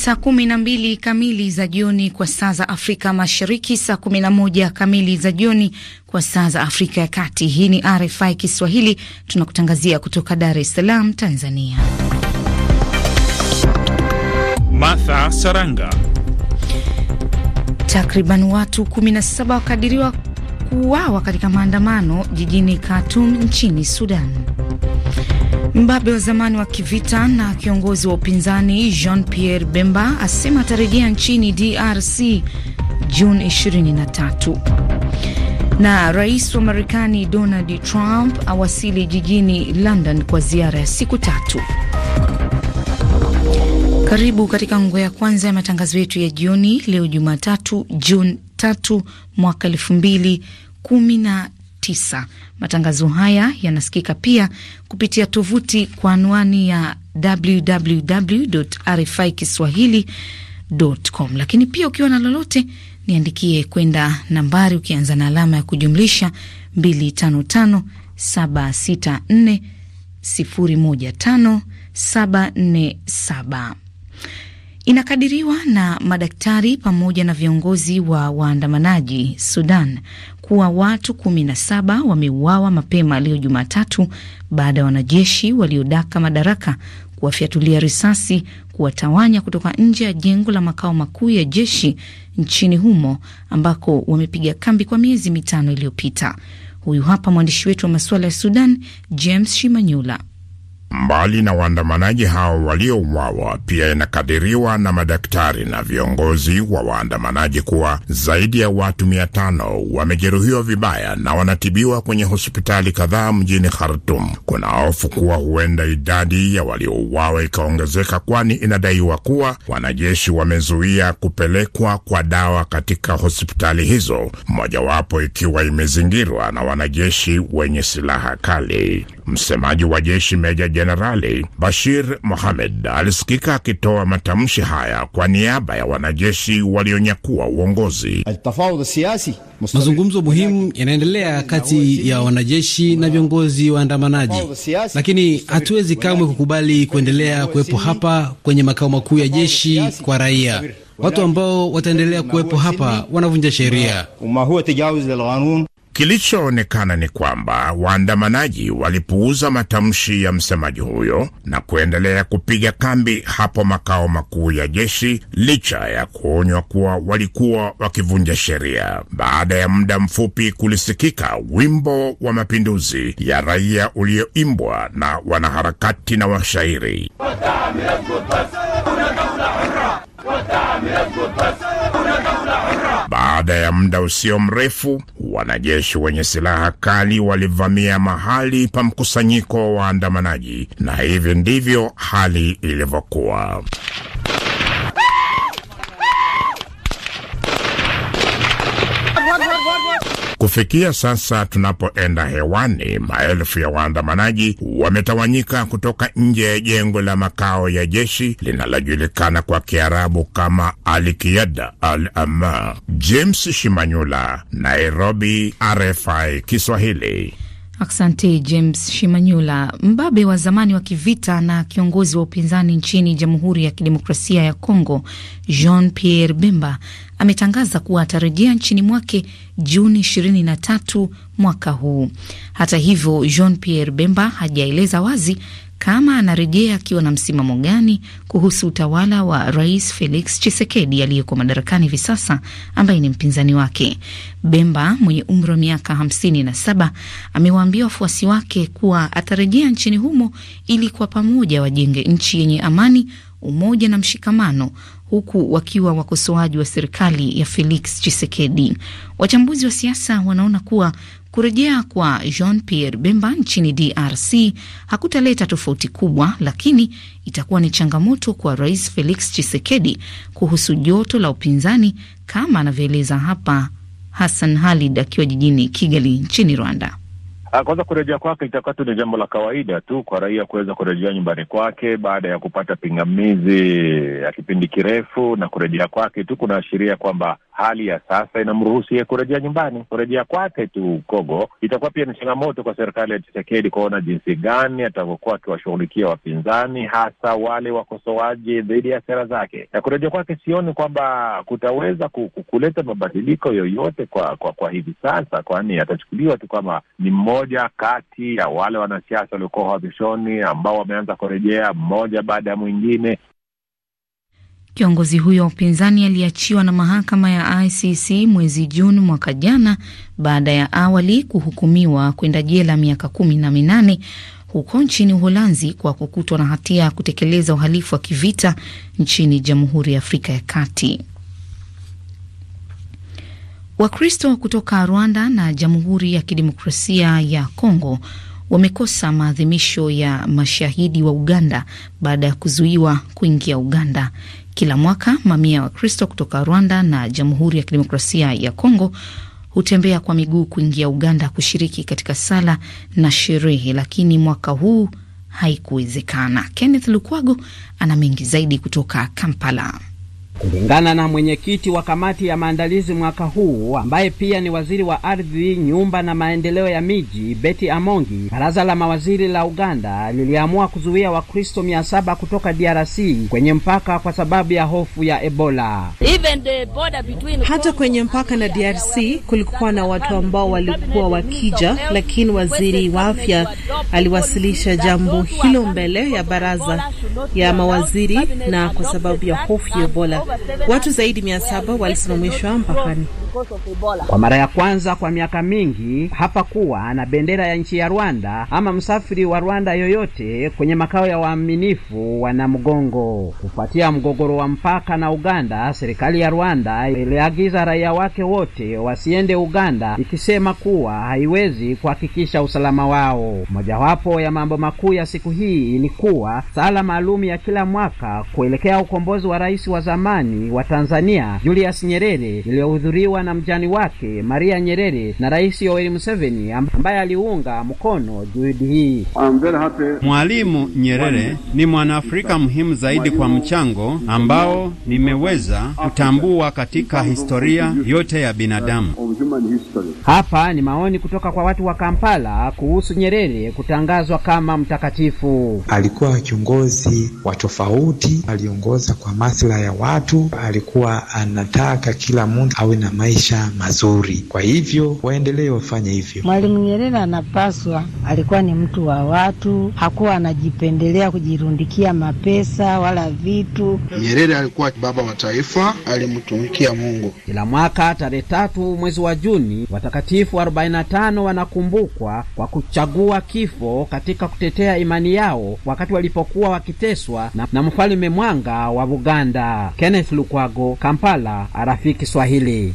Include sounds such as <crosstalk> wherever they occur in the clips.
saa kumi na mbili kamili za jioni kwa saa za Afrika Mashariki, saa kumi na moja kamili za jioni kwa saa za Afrika ya Kati. Hii ni RFI Kiswahili, tunakutangazia kutoka Dar es Salaam, Tanzania. Martha Saranga. Takriban watu 17 wakadiriwa kuuawa katika maandamano jijini Khartoum nchini Sudan. Mbabe wa zamani wa kivita na kiongozi wa upinzani Jean Pierre Bemba asema atarejea nchini DRC Juni 23. Na rais wa Marekani Donald Trump awasili jijini London kwa ziara ya siku tatu. Karibu katika ngo ya kwanza ya matangazo yetu ya jioni leo Jumatatu Juni 3 mwaka 2010 9. Matangazo haya yanasikika pia kupitia tovuti kwa anwani ya www RFI kiswahilicom, lakini pia ukiwa na lolote niandikie kwenda nambari ukianza na alama ya kujumlisha 255764015747. Inakadiriwa na madaktari pamoja na viongozi wa waandamanaji Sudan kuwa watu 17 wameuawa mapema leo Jumatatu baada ya wanajeshi waliodaka madaraka kuwafyatulia risasi kuwatawanya kutoka nje ya jengo la makao makuu ya jeshi nchini humo ambako wamepiga kambi kwa miezi mitano iliyopita. Huyu hapa mwandishi wetu wa masuala ya Sudan James Shimanyula. Mbali na waandamanaji hao waliouawa, pia inakadiriwa na madaktari na viongozi wa waandamanaji kuwa zaidi ya watu mia tano wamejeruhiwa vibaya na wanatibiwa kwenye hospitali kadhaa mjini Khartum. Kuna hofu kuwa huenda idadi ya waliouawa ikaongezeka, kwani inadaiwa kuwa wanajeshi wamezuia kupelekwa kwa dawa katika hospitali hizo, mojawapo ikiwa imezingirwa na wanajeshi wenye silaha kali. Msemaji wa jeshi Meja Jenerali Bashir Mohamed alisikika akitoa matamshi haya kwa niaba ya wanajeshi walionyakua uongozi. Mazungumzo muhimu yanaendelea kati ya wanajeshi na viongozi waandamanaji, lakini hatuwezi kamwe kukubali kuendelea kuwepo hapa kwenye makao makuu ya jeshi kwa raia. Watu ambao wataendelea kuwepo hapa wanavunja sheria. Kilichoonekana ni kwamba waandamanaji walipuuza matamshi ya msemaji huyo na kuendelea kupiga kambi hapo makao makuu ya jeshi licha ya kuonywa kuwa walikuwa wakivunja sheria. Baada ya muda mfupi, kulisikika wimbo wa mapinduzi ya raia ulioimbwa na wanaharakati na washairi baada ya muda usio mrefu, wanajeshi wenye silaha kali walivamia mahali pa mkusanyiko wa waandamanaji, na hivi ndivyo hali ilivyokuwa. Kufikia sasa tunapoenda hewani, maelfu ya waandamanaji wametawanyika kutoka nje ya jengo la makao ya jeshi linalojulikana kwa Kiarabu kama al Al-Amma. James Shimanyula, Nairobi, RFI Kiswahili. Asante James Shimanyula. Mbabe wa zamani wa kivita na kiongozi wa upinzani nchini Jamhuri ya Kidemokrasia ya Kongo, Jean Pierre Bemba ametangaza kuwa atarejea nchini mwake Juni 23 mwaka huu. Hata hivyo, Jean Pierre Bemba hajaeleza wazi kama anarejea akiwa na msimamo gani kuhusu utawala wa Rais Felix chisekedi aliyeko madarakani hivi sasa, ambaye ni mpinzani wake. Bemba mwenye umri wa miaka 57 amewaambia wafuasi wake kuwa atarejea nchini humo ili kwa pamoja wajenge nchi yenye amani, umoja na mshikamano huku wakiwa wakosoaji wa serikali ya Felix chisekedi Wachambuzi wa siasa wanaona kuwa Kurejea kwa Jean Pierre Bemba nchini DRC hakutaleta tofauti kubwa, lakini itakuwa ni changamoto kwa Rais Felix Tshisekedi kuhusu joto la upinzani, kama anavyoeleza hapa Hassan Halid akiwa jijini Kigali nchini Rwanda. Ah, kwanza, kurejea kwake itakuwa tu ni jambo la kawaida tu kwa raia kuweza kurejea nyumbani kwake baada ya kupata pingamizi ya kipindi kirefu, na kurejea kwake tu kunaashiria kwamba hali ya sasa inamruhusu ye kurejea nyumbani. Kurejea kwake tu Kongo itakuwa pia ni changamoto kwa serikali ya chisekedi kuona jinsi gani atakokuwa akiwashughulikia wapinzani, hasa wale wakosoaji dhidi ya sera zake. Na kurejea kwake, sioni kwamba kutaweza kuleta mabadiliko yoyote kwa kwa, kwa hivi sasa, kwani atachukuliwa tu kama ni mmoja kati ya wale wanasiasa waliokuwa uhamishoni ambao wameanza kurejea mmoja baada ya mwingine. Kiongozi huyo wa upinzani aliachiwa na mahakama ya ICC mwezi Juni mwaka jana baada ya awali kuhukumiwa kwenda jela miaka kumi na minane huko nchini Uholanzi kwa kukutwa na hatia ya kutekeleza uhalifu wa kivita nchini Jamhuri ya Afrika ya Kati. Wakristo kutoka Rwanda na Jamhuri ya Kidemokrasia ya Kongo wamekosa maadhimisho ya mashahidi wa Uganda baada ya kuzuiwa kuingia Uganda. Kila mwaka mamia ya Wakristo kutoka Rwanda na Jamhuri ya Kidemokrasia ya Kongo hutembea kwa miguu kuingia Uganda kushiriki katika sala na sherehe, lakini mwaka huu haikuwezekana. Kenneth Lukwago ana mengi zaidi kutoka Kampala. Kulingana na mwenyekiti wa kamati ya maandalizi mwaka huu ambaye pia ni waziri wa ardhi, nyumba na maendeleo ya miji, Betty Amongi, baraza la mawaziri la Uganda liliamua kuzuia Wakristo mia saba kutoka DRC kwenye mpaka kwa sababu ya hofu ya Ebola. Between... hata kwenye mpaka na DRC kulikuwa na watu ambao walikuwa wakija, lakini waziri wa afya aliwasilisha jambo hilo mbele ya baraza ya mawaziri, na kwa sababu ya hofu ya Ebola Watu zaidi mia saba walisimamishwa mpakani. Kwa mara ya kwanza kwa miaka mingi hapakuwa na bendera ya nchi ya Rwanda ama msafiri wa Rwanda yoyote kwenye makao ya waaminifu wana mgongo. Kufuatia mgogoro wa mpaka na Uganda, serikali ya Rwanda iliagiza raia wake wote wasiende Uganda, ikisema kuwa haiwezi kuhakikisha usalama wao. Mojawapo ya mambo makuu ya siku hii ilikuwa sala maalum ya kila mwaka kuelekea ukombozi wa rais wa zamani wa Tanzania Julius Nyerere iliyohudhuriwa akiwa na mjani wake Maria Nyerere na Rais Yoweri Museveni ambaye aliunga mkono juhudi hii. Mwalimu Nyerere ni mwanaafrika muhimu zaidi kwa mchango ambao nimeweza kutambua katika historia yote ya binadamu. Hapa ni maoni kutoka kwa watu wa Kampala kuhusu Nyerere kutangazwa kama mtakatifu. Alikuwa kiongozi wa tofauti, aliongoza kwa maslahi ya watu, alikuwa anataka kila mtu awe na maisha maisha mazuri. Kwa hivyo waendelee wafanye hivyo. Mwalimu Nyerere anapaswa, alikuwa ni mtu wa watu, hakuwa anajipendelea kujirundikia mapesa wala vitu. Nyerere alikuwa baba wa taifa, alimtumikia Mungu. Kila mwaka tarehe tatu mwezi wa Juni, watakatifu 45 wanakumbukwa kwa kuchagua kifo katika kutetea imani yao wakati walipokuwa wakiteswa na, na mfalme Mwanga wa Buganda. Kenneth Lukwago, Kampala, Arafiki Swahili.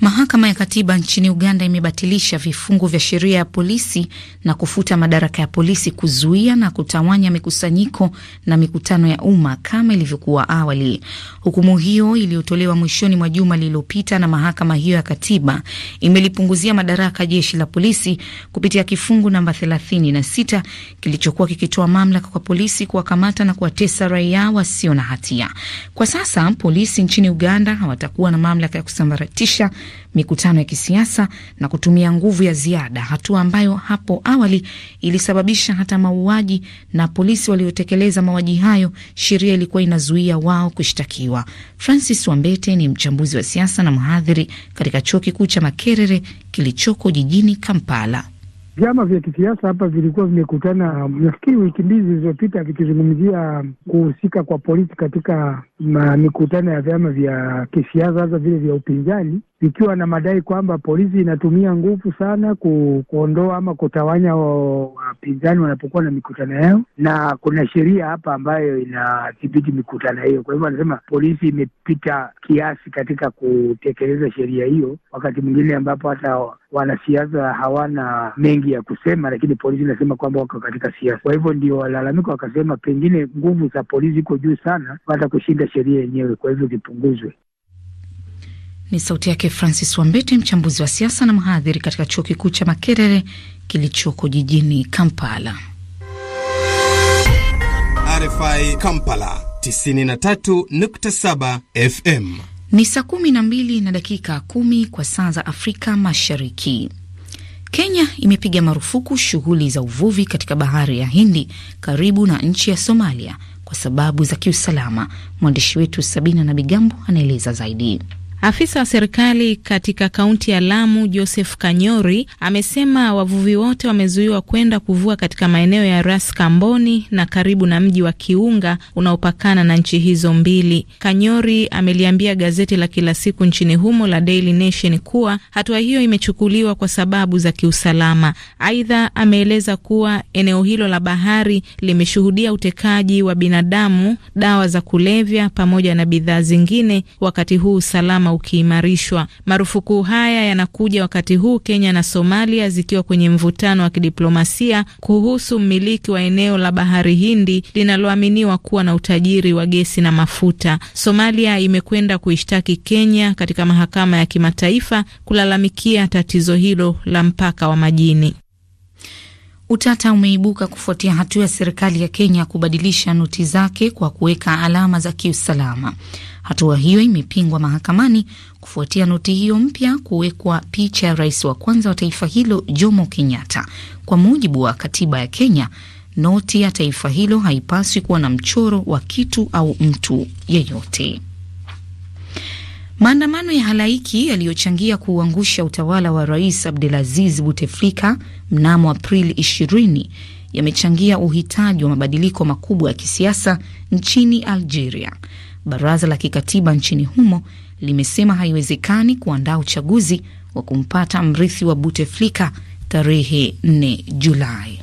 Mahakama ya Katiba nchini Uganda imebatilisha vifungu vya sheria ya polisi na kufuta madaraka ya polisi kuzuia na kutawanya mikusanyiko na mikutano ya umma kama ilivyokuwa awali. Hukumu hiyo iliyotolewa mwishoni mwa juma lililopita na mahakama hiyo ya Katiba imelipunguzia madaraka jeshi la polisi kupitia kifungu namba 36 kilichokuwa kikitoa mamlaka kwa polisi kuwakamata na kuwatesa raia wasio na hatia. Kwa sasa polisi nchini Uganda hawatakuwa na mamlaka ya kusambaratisha mikutano ya kisiasa na kutumia nguvu ya ziada, hatua ambayo hapo awali ilisababisha hata mauaji, na polisi waliotekeleza mauaji hayo sheria ilikuwa inazuia wao kushtakiwa. Francis Wambete ni mchambuzi wa siasa na mhadhiri katika chuo kikuu cha Makerere kilichoko jijini Kampala. Vyama vya kisiasa hapa vilikuwa vimekutana nafikiri wiki mbili zilizopita, vikizungumzia kuhusika kwa polisi katika mikutano ya vyama vya kisiasa, hasa vile vya upinzani, ikiwa na madai kwamba polisi inatumia nguvu sana ku, kuondoa ama kutawanya wapinzani wanapokuwa na mikutano yao, na kuna sheria hapa ambayo inadhibiti mikutano hiyo. Kwa hivyo anasema polisi imepita kiasi katika kutekeleza sheria hiyo, wakati mwingine ambapo hata wanasiasa hawana mengi ya kusema, lakini polisi inasema kwamba wako katika siasa. Kwa hivyo ndio walalamika wakasema, pengine nguvu za polisi iko juu sana hata kushinda sheria yenyewe, kwa hivyo zipunguzwe. Ni sauti yake Francis Wambete, mchambuzi wa siasa na mhadhiri katika chuo kikuu cha Makerere kilichoko jijini Kampala. RFI Kampala 93.7 FM. Ni saa 12 na dakika kumi kwa saa za Afrika Mashariki. Kenya imepiga marufuku shughuli za uvuvi katika bahari ya Hindi karibu na nchi ya Somalia kwa sababu za kiusalama. Mwandishi wetu Sabina na Bigambo anaeleza zaidi. Afisa wa serikali katika kaunti ya Lamu, Joseph Kanyori, amesema wavuvi wote wamezuiwa kwenda kuvua katika maeneo ya Ras Kamboni na karibu na mji wa Kiunga unaopakana na nchi hizo mbili. Kanyori ameliambia gazeti la kila siku nchini humo la Daily Nation kuwa hatua hiyo imechukuliwa kwa sababu za kiusalama. Aidha, ameeleza kuwa eneo hilo la bahari limeshuhudia utekaji wa binadamu, dawa za kulevya pamoja na bidhaa zingine, wakati huu usalama ukiimarishwa. Marufuku haya yanakuja wakati huu Kenya na Somalia zikiwa kwenye mvutano wa kidiplomasia kuhusu mmiliki wa eneo la bahari Hindi linaloaminiwa kuwa na utajiri wa gesi na mafuta. Somalia imekwenda kuishtaki Kenya katika mahakama ya kimataifa kulalamikia tatizo hilo la mpaka wa majini. Utata umeibuka kufuatia hatua ya serikali ya Kenya kubadilisha noti zake kwa kuweka alama za kiusalama. Hatua hiyo imepingwa mahakamani kufuatia noti hiyo mpya kuwekwa picha ya rais wa kwanza wa taifa hilo Jomo Kenyatta. Kwa mujibu wa katiba ya Kenya, noti ya taifa hilo haipaswi kuwa na mchoro wa kitu au mtu yeyote. Maandamano ya halaiki yaliyochangia kuuangusha utawala wa Rais Abdelaziz Buteflika mnamo Aprili 20 yamechangia uhitaji wa mabadiliko makubwa ya kisiasa nchini Algeria. Baraza la kikatiba nchini humo limesema haiwezekani kuandaa uchaguzi wa kumpata mrithi wa Buteflika tarehe 4 Julai.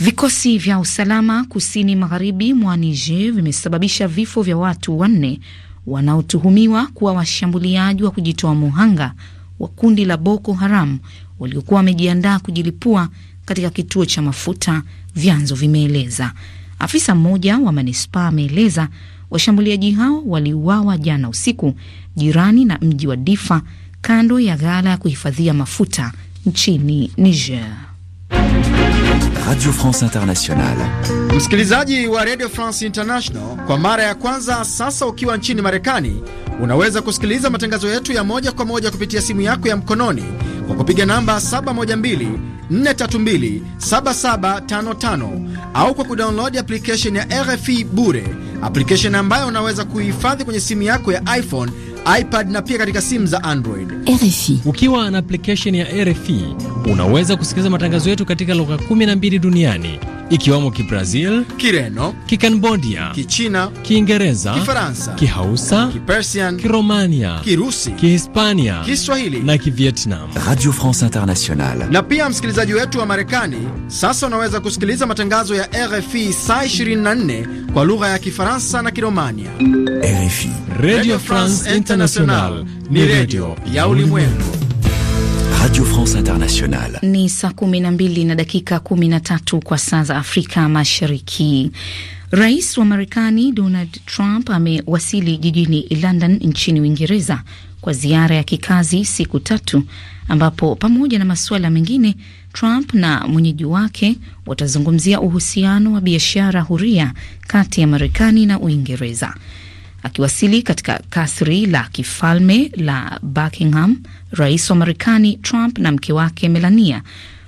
Vikosi vya usalama kusini magharibi mwa Niger vimesababisha vifo vya watu wanne wanaotuhumiwa kuwa washambuliaji wa kujitoa muhanga wa kundi la Boko Haram waliokuwa wamejiandaa kujilipua katika kituo cha mafuta, vyanzo vimeeleza. Afisa mmoja wa manispaa ameeleza washambuliaji hao waliuawa jana usiku jirani na mji wa Difa, kando ya ghala ya kuhifadhia mafuta nchini Niger. Radio France International. Msikilizaji wa Radio France International, kwa mara ya kwanza sasa ukiwa nchini Marekani, unaweza kusikiliza matangazo yetu ya moja kwa moja kupitia simu yako ya mkononi kwa kupiga namba 712-432-7755 au kwa kudownload application ya RFI bure, application ambayo unaweza kuihifadhi kwenye simu yako ya iPhone iPad na pia katika simu za Android. RFI. Ukiwa na application ya RFI unaweza kusikiliza matangazo yetu katika lugha 12 duniani ikiwamo Kibrazil, Kireno, Kikambodia, Kichina, Kiingereza, Kifaransa, Kihausa, Kipersian, Kiromania, Kirusi, Kihispania, Kiswahili na Kivietnam. Radio France Internationale. Na pia msikilizaji wetu wa Marekani sasa unaweza kusikiliza matangazo ya RFI saa 24 kwa lugha ya Kifaransa na Kiromania. RFI, Radio France International, ni radio ya ulimwengu. Radio France International. Ni saa 12 na dakika 13 kwa saa za Afrika Mashariki. Rais wa Marekani Donald Trump amewasili jijini London nchini Uingereza kwa ziara ya kikazi siku tatu ambapo pamoja na masuala mengine Trump na mwenyeji wake watazungumzia uhusiano wa biashara huria kati ya Marekani na Uingereza. Akiwasili katika kasri la kifalme la Buckingham, rais wa Marekani Trump na mke wake Melania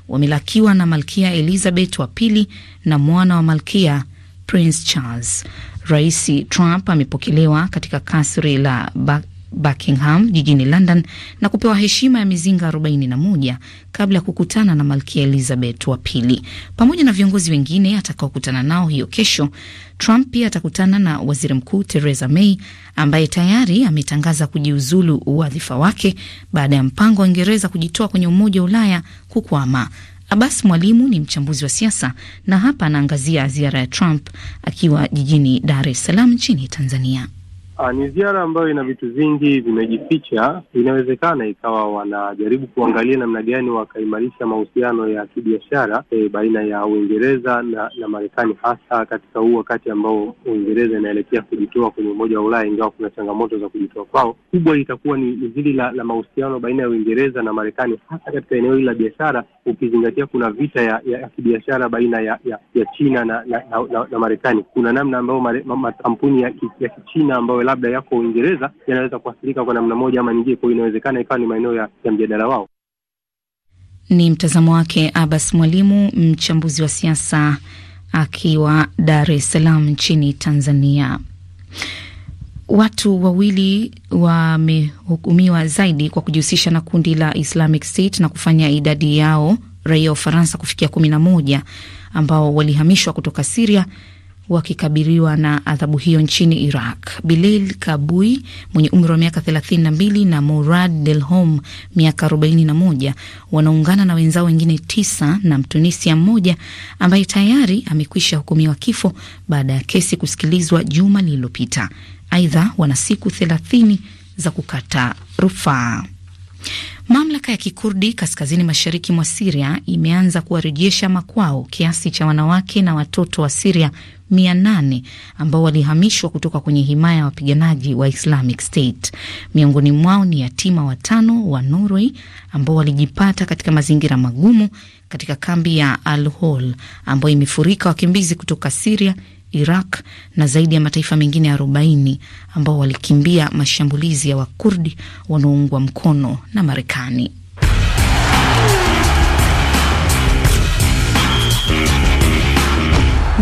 wamelakiwa na malkia Elizabeth wa pili na mwana wa malkia Prince Charles. Rais Trump amepokelewa katika kasri la Buckingham jijini London na kupewa heshima ya mizinga 41 kabla ya kukutana na Malkia Elizabeth wa pili pamoja na viongozi wengine atakaokutana nao hiyo kesho. Trump pia atakutana na waziri mkuu Theresa May ambaye tayari ametangaza kujiuzulu wadhifa wake baada ya mpango wa Uingereza kujitoa kwenye Umoja wa Ulaya kukwama. Abbas Mwalimu ni mchambuzi wa siasa na hapa anaangazia ziara ya Trump akiwa jijini Dar es Salaam nchini Tanzania. Ah, ni ziara ambayo ina vitu vingi vimejificha. Inawezekana ikawa wanajaribu kuangalia namna gani wakaimarisha mahusiano ya kibiashara e, baina ya Uingereza na, na Marekani, hasa katika huu wakati ambao Uingereza inaelekea kujitoa kwenye Umoja wa Ulaya, ingawa kuna changamoto za kujitoa kwao. Kubwa itakuwa ni, ni zili la, la mahusiano baina ya Uingereza na Marekani, hasa katika eneo hili la biashara, ukizingatia kuna vita ya, ya, ya kibiashara baina ya, ya, ya China na, na, na, na, na Marekani. Kuna namna ambayo makampuni ya, ya Kichina ambayo labda yako Uingereza yanaweza kuathirika kwa namna moja ama nyingine. Kwa hiyo inawezekana ikawa ni maeneo ya, ya mjadala wao. Ni mtazamo wake Abbas Mwalimu, mchambuzi wa siasa akiwa Dar es Salaam nchini Tanzania. Watu wawili wamehukumiwa zaidi kwa kujihusisha na kundi la Islamic State na kufanya idadi yao raia wa Ufaransa kufikia kumi na moja ambao walihamishwa kutoka Siria wakikabiriwa na adhabu hiyo nchini Iraq. Bilal Kabui mwenye umri wa miaka 32 na Murad Delhom miaka 41 wanaungana na wenzao wengine tisa na Mtunisia mmoja ambaye tayari amekwisha hukumiwa kifo baada ya kesi kusikilizwa juma lililopita. Aidha, wana siku 30 za kukata rufaa. Mamlaka ya Kikurdi kaskazini mashariki mwa Siria imeanza kuwarejesha makwao kiasi cha wanawake na watoto wa Siria mia nane ambao walihamishwa kutoka kwenye himaya ya wapiganaji wa Islamic State. Miongoni mwao ni yatima watano wa Norway ambao walijipata katika mazingira magumu katika kambi ya Al Hol ambayo imefurika wakimbizi kutoka Siria Iraq na zaidi ya mataifa mengine 40 ambao walikimbia mashambulizi ya Wakurdi wanaoungwa mkono na Marekani.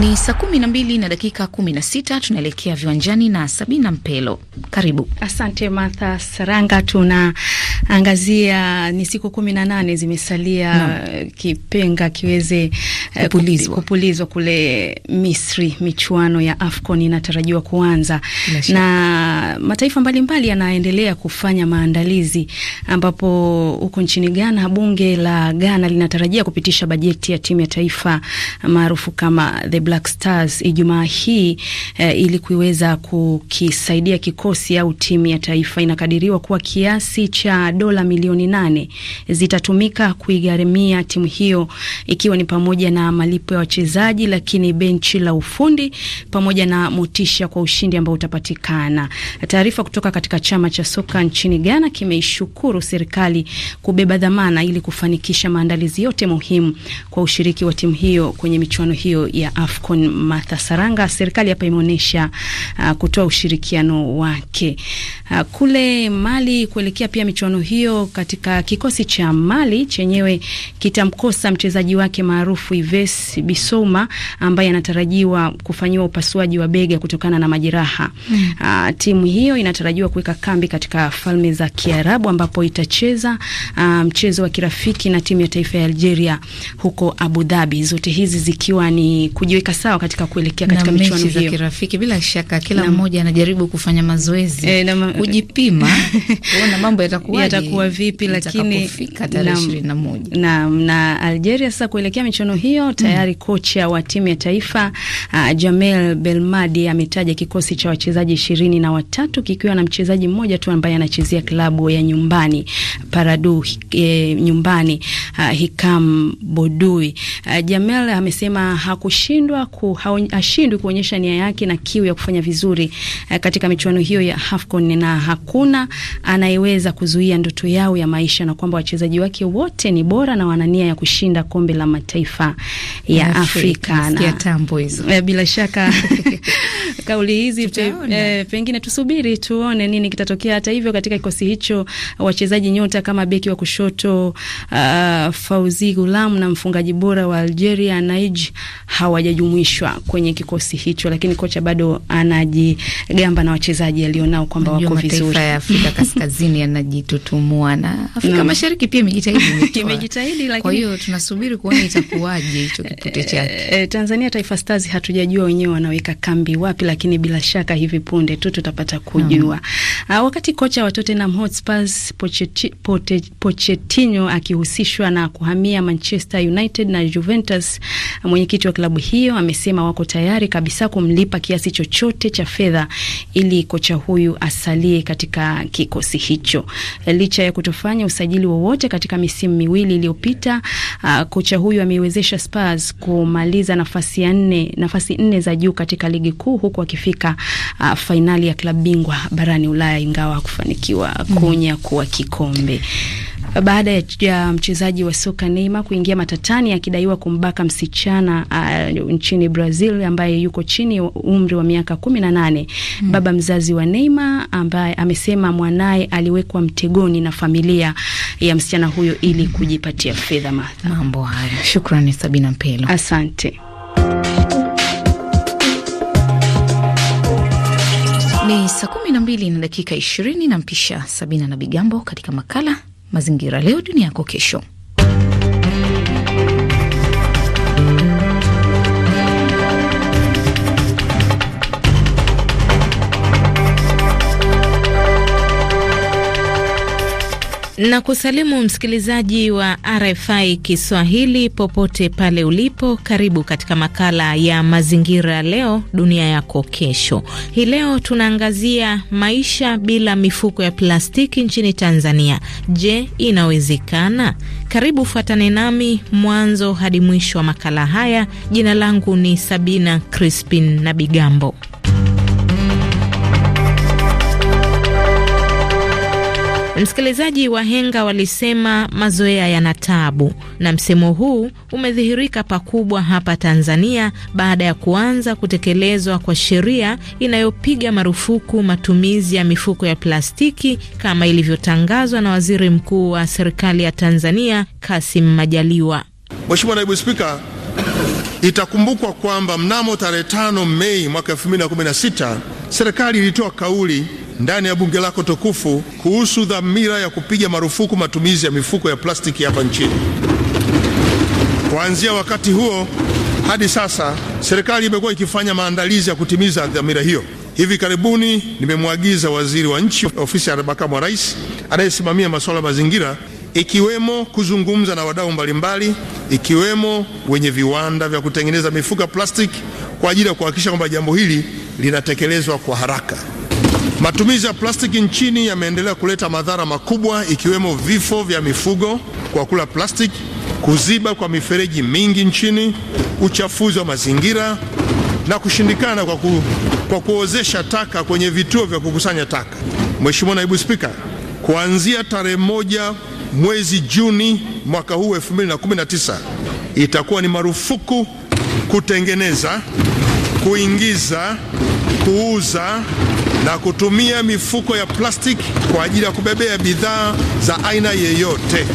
Ni saa 12 na dakika 16, tunaelekea viwanjani na Sabina Mpelo, karibu. Asante Martha Saranga. Tunaangazia ni siku 18 nane zimesalia no. kipenga kiweze eh, kupulizwa, kupulizwa kule Misri. Michuano ya AFCON inatarajiwa kuanza na mataifa mbalimbali yanaendelea kufanya maandalizi, ambapo huko nchini Ghana bunge la Ghana linatarajia kupitisha bajeti ya timu ya taifa maarufu kama the Black Stars Ijumaa hii eh, ili kuweza kukisaidia kikosi au timu ya taifa. Inakadiriwa kuwa kiasi cha dola milioni nane zitatumika kuigharimia timu hiyo, ikiwa ni pamoja na malipo ya wachezaji, lakini benchi la ufundi pamoja na motisha kwa ushindi ambao utapatikana. Taarifa kutoka katika chama cha soka nchini Ghana kimeishukuru serikali kubeba dhamana ili kufanikisha maandalizi yote muhimu kwa ushiriki wa timu hiyo kwenye michuano hiyo ya Afrika. AFCON Martha Saranga, serikali hapa imeonyesha uh, kutoa ushirikiano wake uh, kule Mali kuelekea pia michuano hiyo. Katika kikosi cha Mali chenyewe kitamkosa mchezaji wake maarufu Yves Bissouma ambaye anatarajiwa kufanyiwa upasuaji wa bega kutokana na majeraha mm. Uh, timu hiyo inatarajiwa kuweka kambi katika Falme za Kiarabu ambapo itacheza uh, mchezo wa kirafiki na timu ya taifa ya Algeria huko Abu Dhabi, zote hizi zikiwa ni kuji kujiweka sawa katika kuelekea katika michuano hiyo ya kirafiki. Bila shaka kila mmoja anajaribu kufanya mazoezi e, na kujipima <laughs> kuona mambo yatakuwa yatakuwa vipi, lakini kufika tarehe 21 na, na na Algeria sasa kuelekea michuano hiyo mm. tayari mm. Kocha wa timu ya taifa uh, Jamel Belmadi ametaja kikosi cha wachezaji ishirini na watatu kikiwa na mchezaji mmoja tu ambaye anachezea klabu ya nyumbani Paradu e, nyumbani uh, Hikam Bodui uh, Jamel amesema hakushindwa ashindwa ku, ashindwi kuonyesha nia yake na kiu ya kufanya vizuri uh, katika michuano hiyo ya AFCON na hakuna anayeweza kuzuia ndoto yao ya maisha, na kwamba wachezaji wake wote ni bora na wana nia ya kushinda kombe la mataifa ya Afrika, Afrika na, eh, bila shaka <laughs> kauli hizi pe, e, pengine tusubiri tuone nini kitatokea. Hata hivyo, katika kikosi hicho wachezaji nyota kama beki wa kushoto uh, Fauzi Gulam na mfungaji bora wa Algeria Naij hawajajumuishwa kwenye kikosi hicho, lakini kocha bado anajigamba na wachezaji alionao kwamba wako vizuri. ya Afrika <laughs> Kaskazini anajitutumua na Afrika no. Mashariki pia imejitahidi <laughs> imejitahidi, lakini kwa hiyo tunasubiri kuona itakuwaje hicho kipute eh, chake. Eh, Tanzania Taifa Stars hatujajua wenyewe wanaweka kambi wapi, lakini lakini bila shaka hivi punde tu tutapata kujua. mm. Uh, wakati kocha wa Tottenham Hotspur Pochettino akihusishwa na kuhamia Manchester United na Juventus, mwenyekiti wa klabu hiyo amesema wako tayari kabisa kumlipa kiasi chochote cha fedha ili kocha huyu asalie katika kikosi hicho, licha ya kutofanya usajili wowote katika misimu miwili iliyopita. Uh, kocha huyu amewezesha Spurs kumaliza nafasi ya nne, nafasi nne za juu katika ligi kuu huku wakifika uh, fainali ya klabu bingwa barani Ulaya ingawa hakufanikiwa mm. kuwa kikombe baada ya ya mchezaji wa soka Neymar kuingia matatani akidaiwa kumbaka msichana uh, nchini Brazil ambaye yuko chini umri wa miaka kumi na nane. Mm. Baba mzazi wa Neymar ambaye amesema mwanaye aliwekwa mtegoni na familia ya msichana huyo ili kujipatia fedha. Mambo hayo. Shukrani Sabina Mpelo, asante. saa 12 na dakika 20 na mpisha Sabina na Bigambo katika makala Mazingira leo dunia yako kesho. na kusalimu msikilizaji wa RFI Kiswahili popote pale ulipo. Karibu katika makala ya mazingira, leo dunia yako kesho. Hii leo tunaangazia maisha bila mifuko ya plastiki nchini Tanzania. Je, inawezekana? Karibu, fuatane nami mwanzo hadi mwisho wa makala haya. Jina langu ni Sabina Crispin na Bigambo. Msikilizaji, wahenga walisema mazoea yana taabu, na msemo huu umedhihirika pakubwa hapa Tanzania baada ya kuanza kutekelezwa kwa sheria inayopiga marufuku matumizi ya mifuko ya plastiki kama ilivyotangazwa na Waziri Mkuu wa serikali ya Tanzania Kasim Majaliwa. Mheshimiwa Naibu Spika, itakumbukwa kwamba mnamo tarehe 5 Mei mwaka 2016 serikali ilitoa kauli ndani ya bunge lako tukufu kuhusu dhamira ya kupiga marufuku matumizi ya mifuko ya plastiki hapa nchini. Kuanzia wakati huo hadi sasa, serikali imekuwa ikifanya maandalizi ya kutimiza dhamira hiyo. Hivi karibuni nimemwagiza waziri wa nchi ofisi ya makamu wa rais anayesimamia masuala ya mazingira, ikiwemo kuzungumza na wadau mbalimbali, ikiwemo wenye viwanda vya kutengeneza mifuko ya plastiki kwa ajili ya kuhakikisha kwamba jambo hili linatekelezwa kwa haraka. Matumizi ya plastiki nchini yameendelea kuleta madhara makubwa ikiwemo vifo vya mifugo kwa kula plastiki, kuziba kwa mifereji mingi nchini, uchafuzi wa mazingira na kushindikana kwa, ku, kwa kuozesha taka kwenye vituo vya kukusanya taka. Mheshimiwa Naibu Spika, kuanzia tarehe moja mwezi Juni mwaka huu 2019 itakuwa ni marufuku kutengeneza kuingiza, kuuza na kutumia mifuko ya plastiki kwa ajili ya kubebea bidhaa za aina yeyote.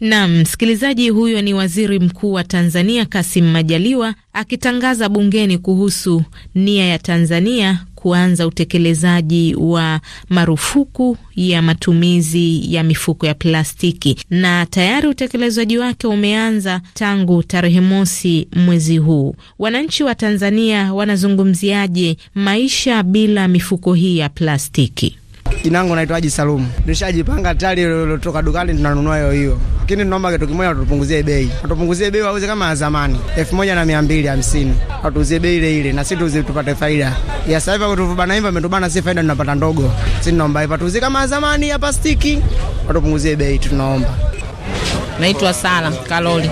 Naam, msikilizaji, huyo ni Waziri Mkuu wa Tanzania Kassim Majaliwa akitangaza bungeni kuhusu nia ya Tanzania kuanza utekelezaji wa marufuku ya matumizi ya mifuko ya plastiki na tayari utekelezaji wake umeanza tangu tarehe mosi mwezi huu. Wananchi wa Tanzania wanazungumziaje maisha bila mifuko hii ya plastiki? naitwa naitwaji Salumu. Nishajipanga tayari, lotoka dukani tunanunua hiyo hiyo, lakini tunaomba kitu kimoja, watupunguzie bei, watupunguzie bei wauze kama zamani elfu moja na mia mbili hamsini atuzie bei ile ile, na sisi tuzi tupate faida ya sasa hivi. Kutubana hivi ametubana, si faida tunapata ndogo. Sisi tunaomba hivyo, tuuzie kama zamani ya plastiki, watupunguzie bei, tunaomba Naitwa Sara Kaloli.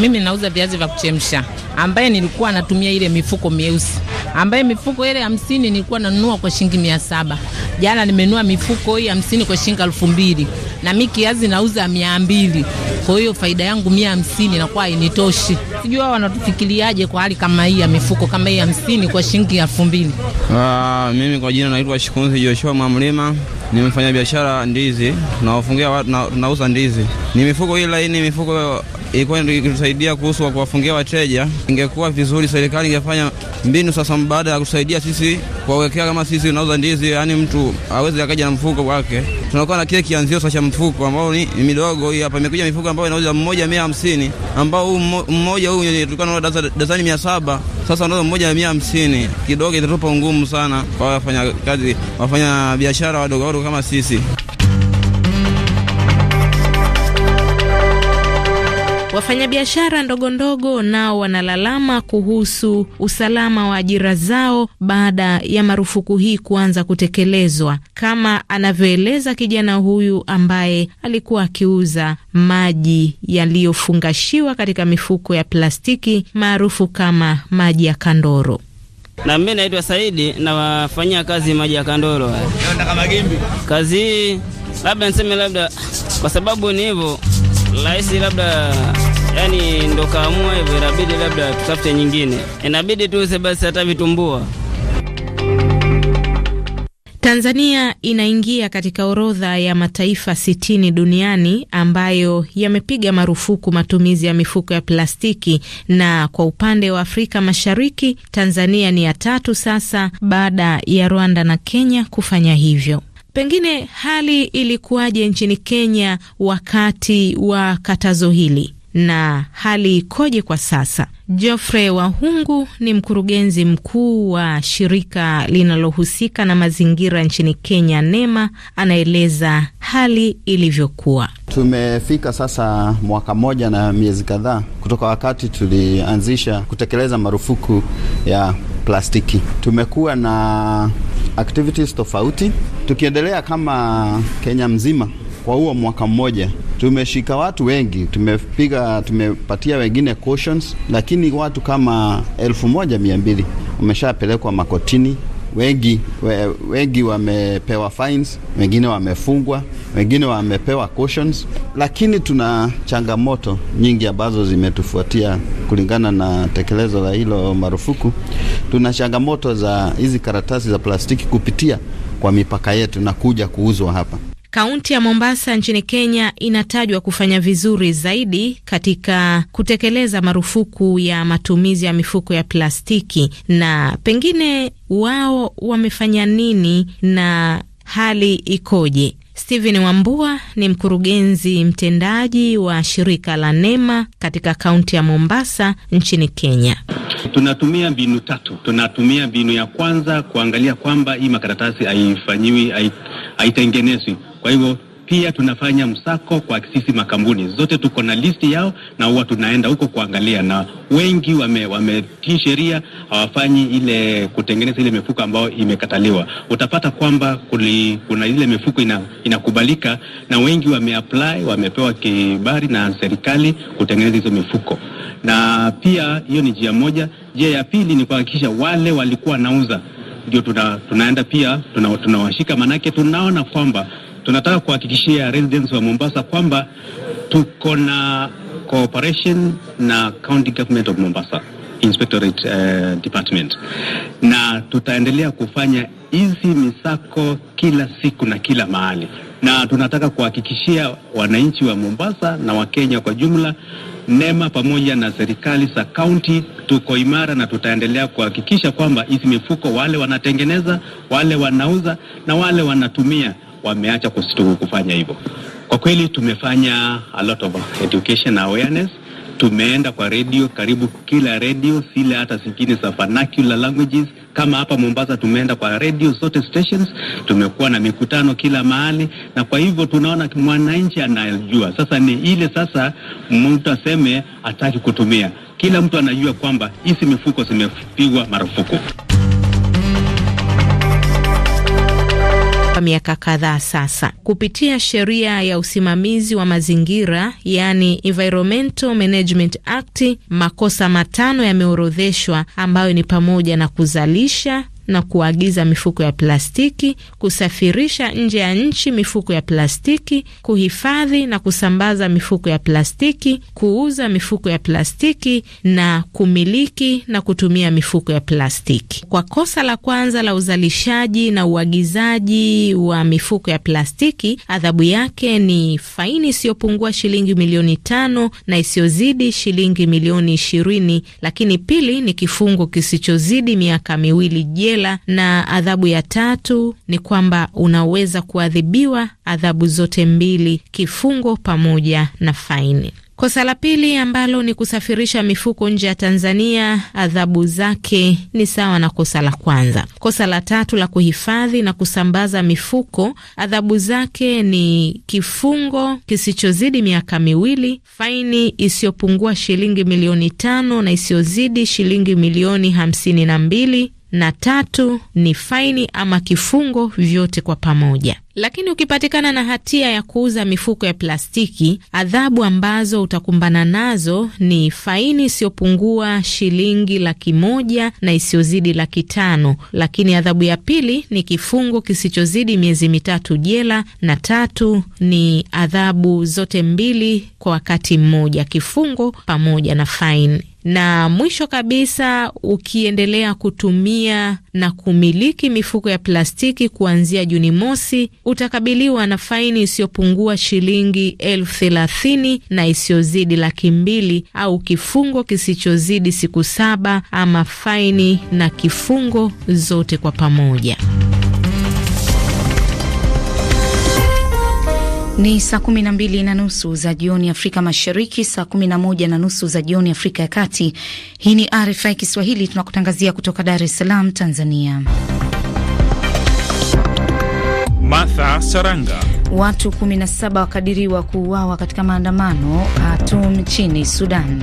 Mimi nauza viazi vya kuchemsha, ambaye nilikuwa natumia ile mifuko mieusi, ambaye mifuko ile hamsini nilikuwa nanunua kwa shilingi mia saba. Jana nimenunua mifuko hii hamsini kwa shilingi elfu mbili na mi kiazi nauza mia mbili. Kwa hiyo faida yangu mia hamsini inakuwa initoshi. Sijua wao wanatufikiriaje kwa hali kama hii ya mifuko kama hii hamsini kwa shilingi elfu mbili. Uh, mimi kwa jina naitwa Shikunzi Joshua Mwamlima, nimefanya biashara ndizi, tunawafungia watu, tunauza ndizi ni mifuko hii laini, mifuko ilikuwa ikitusaidia kuhusu wa kuwafungia wateja. Ingekuwa vizuri serikali ingefanya mbinu sasa mbadala ya kutusaidia sisi kuwawekea, kama sisi tunauza ndizi, yaani mtu aweze akaja na mfuko wake. Tunakuwa na kile kianzio sasa cha mfuko ambao ni midogo. Hii hapa imekuja mifuko ambayo inauza mmoja mia hamsini, ambao huu mmoja huu tulikuwa naona dazani mia saba sasa unauza mmoja mia hamsini. Kidogo itatupa ungumu sana kwa wafanya kazi, wafanya biashara wadogo wadogo kama sisi. Wafanyabiashara ndogo ndogo nao wanalalama kuhusu usalama wa ajira zao baada ya marufuku hii kuanza kutekelezwa, kama anavyoeleza kijana huyu ambaye alikuwa akiuza maji yaliyofungashiwa katika mifuko ya plastiki maarufu kama maji ya kandoro. Na mimi naitwa Saidi, nawafanyia kazi maji ya kandoro. Kazi hii labda niseme, labda kwa sababu ni hivyo Rais labda yani ndo kaamua hivyo, inabidi labda tutafute nyingine, inabidi tuuze basi hata vitumbua. Tanzania inaingia katika orodha ya mataifa sitini duniani ambayo yamepiga marufuku matumizi ya mifuko ya plastiki, na kwa upande wa Afrika Mashariki Tanzania ni ya tatu sasa baada ya Rwanda na Kenya kufanya hivyo. Pengine hali ilikuwaje nchini Kenya wakati wa katazo hili? na hali ikoje kwa sasa? Geoffrey Wahungu ni mkurugenzi mkuu wa shirika linalohusika na mazingira nchini Kenya, NEMA, anaeleza hali ilivyokuwa. Tumefika sasa mwaka mmoja na miezi kadhaa kutoka wakati tulianzisha kutekeleza marufuku ya plastiki. Tumekuwa na activities tofauti tukiendelea kama Kenya mzima kwa huo mwaka mmoja tumeshika watu wengi, tumepiga tumepatia wengine cautions, lakini watu kama elfu moja mia mbili wameshapelekwa makotini wengi we, wengi wamepewa fines, wengine wamefungwa, wengine wamepewa cautions, lakini tuna changamoto nyingi ambazo zimetufuatia kulingana na tekelezo la hilo marufuku. Tuna changamoto za hizi karatasi za plastiki kupitia kwa mipaka yetu na kuja kuuzwa hapa. Kaunti ya Mombasa nchini Kenya inatajwa kufanya vizuri zaidi katika kutekeleza marufuku ya matumizi ya mifuko ya plastiki, na pengine wao wamefanya nini na hali ikoje? Steven Wambua ni mkurugenzi mtendaji wa shirika la NEMA katika kaunti ya Mombasa nchini Kenya. Tunatumia mbinu tatu. Tunatumia mbinu ya kwanza kuangalia kwamba hii makaratasi haifanyiwi, haitengenezwi kwa hivyo pia tunafanya msako kwa sisi makampuni zote, tuko na listi yao na huwa tunaenda huko kuangalia, na wengi wametii wame sheria, hawafanyi ile kutengeneza ile mifuko ambayo imekataliwa. Utapata kwamba kuli, kuna ile mifuko ina, inakubalika na wengi wameapply, wamepewa kibali na serikali kutengeneza hizo mifuko, na pia hiyo ni njia moja. Njia ya pili ni kuhakikisha wale walikuwa wanauza ndio tuna, tunaenda pia tunawashika tuna, manake tunaona kwamba tunataka kuhakikishia residents wa Mombasa kwamba tuko na cooperation na county government of Mombasa Inspectorate uh, Department, na tutaendelea kufanya hizi misako kila siku na kila mahali, na tunataka kuhakikishia wananchi wa Mombasa na Wakenya kwa jumla, NEMA pamoja na serikali za kaunti, tuko imara na tutaendelea kuhakikisha kwamba hizi mifuko, wale wanatengeneza, wale wanauza na wale wanatumia wameacha kufanya hivyo. Kwa kweli tumefanya a lot of education awareness tumeenda kwa redio karibu kila redio zile hata zingine za vernacular languages. Kama hapa Mombasa tumeenda kwa radio zote stations, tumekuwa na mikutano kila mahali, na kwa hivyo tunaona mwananchi anajua. Sasa ni ile sasa, mtu aseme ataki kutumia, kila mtu anajua kwamba hizi mifuko zimepigwa marufuku. kwa miaka kadhaa sasa. Kupitia sheria ya usimamizi wa mazingira, yani Environmental Management Act, makosa matano yameorodheshwa ambayo ni pamoja na kuzalisha na kuagiza mifuko ya plastiki, kusafirisha nje ya nchi mifuko ya plastiki, kuhifadhi na kusambaza mifuko ya plastiki, kuuza mifuko ya plastiki na kumiliki na kutumia mifuko ya plastiki. Kwa kosa la kwanza la uzalishaji na uagizaji wa mifuko ya plastiki, adhabu yake ni faini isiyopungua shilingi milioni tano na isiyozidi shilingi milioni ishirini, lakini pili ni kifungo kisichozidi miaka miwili jela jela, na adhabu ya tatu ni kwamba unaweza kuadhibiwa adhabu zote mbili, kifungo pamoja na faini. Kosa la pili ambalo ni kusafirisha mifuko nje ya Tanzania, adhabu zake ni sawa na kosa la kwanza. Kosa la tatu la kuhifadhi na kusambaza mifuko, adhabu zake ni kifungo kisichozidi miaka miwili, faini isiyopungua shilingi milioni tano na isiyozidi shilingi milioni hamsini na mbili na tatu ni faini ama kifungo, vyote kwa pamoja. Lakini ukipatikana na hatia ya kuuza mifuko ya plastiki, adhabu ambazo utakumbana nazo ni faini isiyopungua shilingi laki moja na isiyozidi laki tano. Lakini adhabu ya pili ni kifungo kisichozidi miezi mitatu jela, na tatu ni adhabu zote mbili kwa wakati mmoja, kifungo pamoja na faini. Na mwisho kabisa, ukiendelea kutumia na kumiliki mifuko ya plastiki kuanzia Juni mosi, utakabiliwa na faini isiyopungua shilingi elfu thelathini na isiyozidi laki mbili au kifungo kisichozidi siku saba ama faini na kifungo zote kwa pamoja. Ni saa kumi na mbili na nusu za jioni Afrika Mashariki, saa kumi na moja na nusu za jioni Afrika ya Kati. Hii ni RFI Kiswahili, tunakutangazia kutoka Dar es Salaam, Tanzania. Martha Saranga. Watu 17 wakadiriwa kuuawa katika maandamano Khartoum nchini Sudan.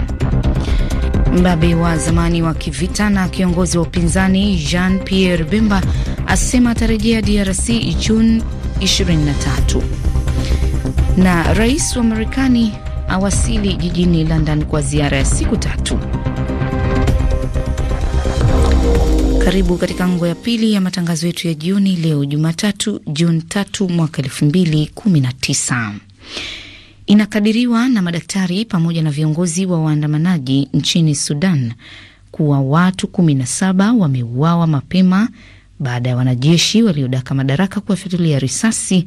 Mbabe wa zamani wa kivita na kiongozi wa upinzani Jean Pierre Bemba asema atarejea DRC Juni 23. Na rais wa Marekani awasili jijini London kwa ziara ya siku tatu. Karibu katika ngo ya pili ya matangazo yetu ya jioni leo Jumatatu, Juni tatu mwaka elfu mbili kumi na tisa. Inakadiriwa na madaktari pamoja na viongozi wa waandamanaji nchini Sudan kuwa watu 17 wameuawa mapema baada ya wanajeshi waliodaka madaraka kuwafyatulia risasi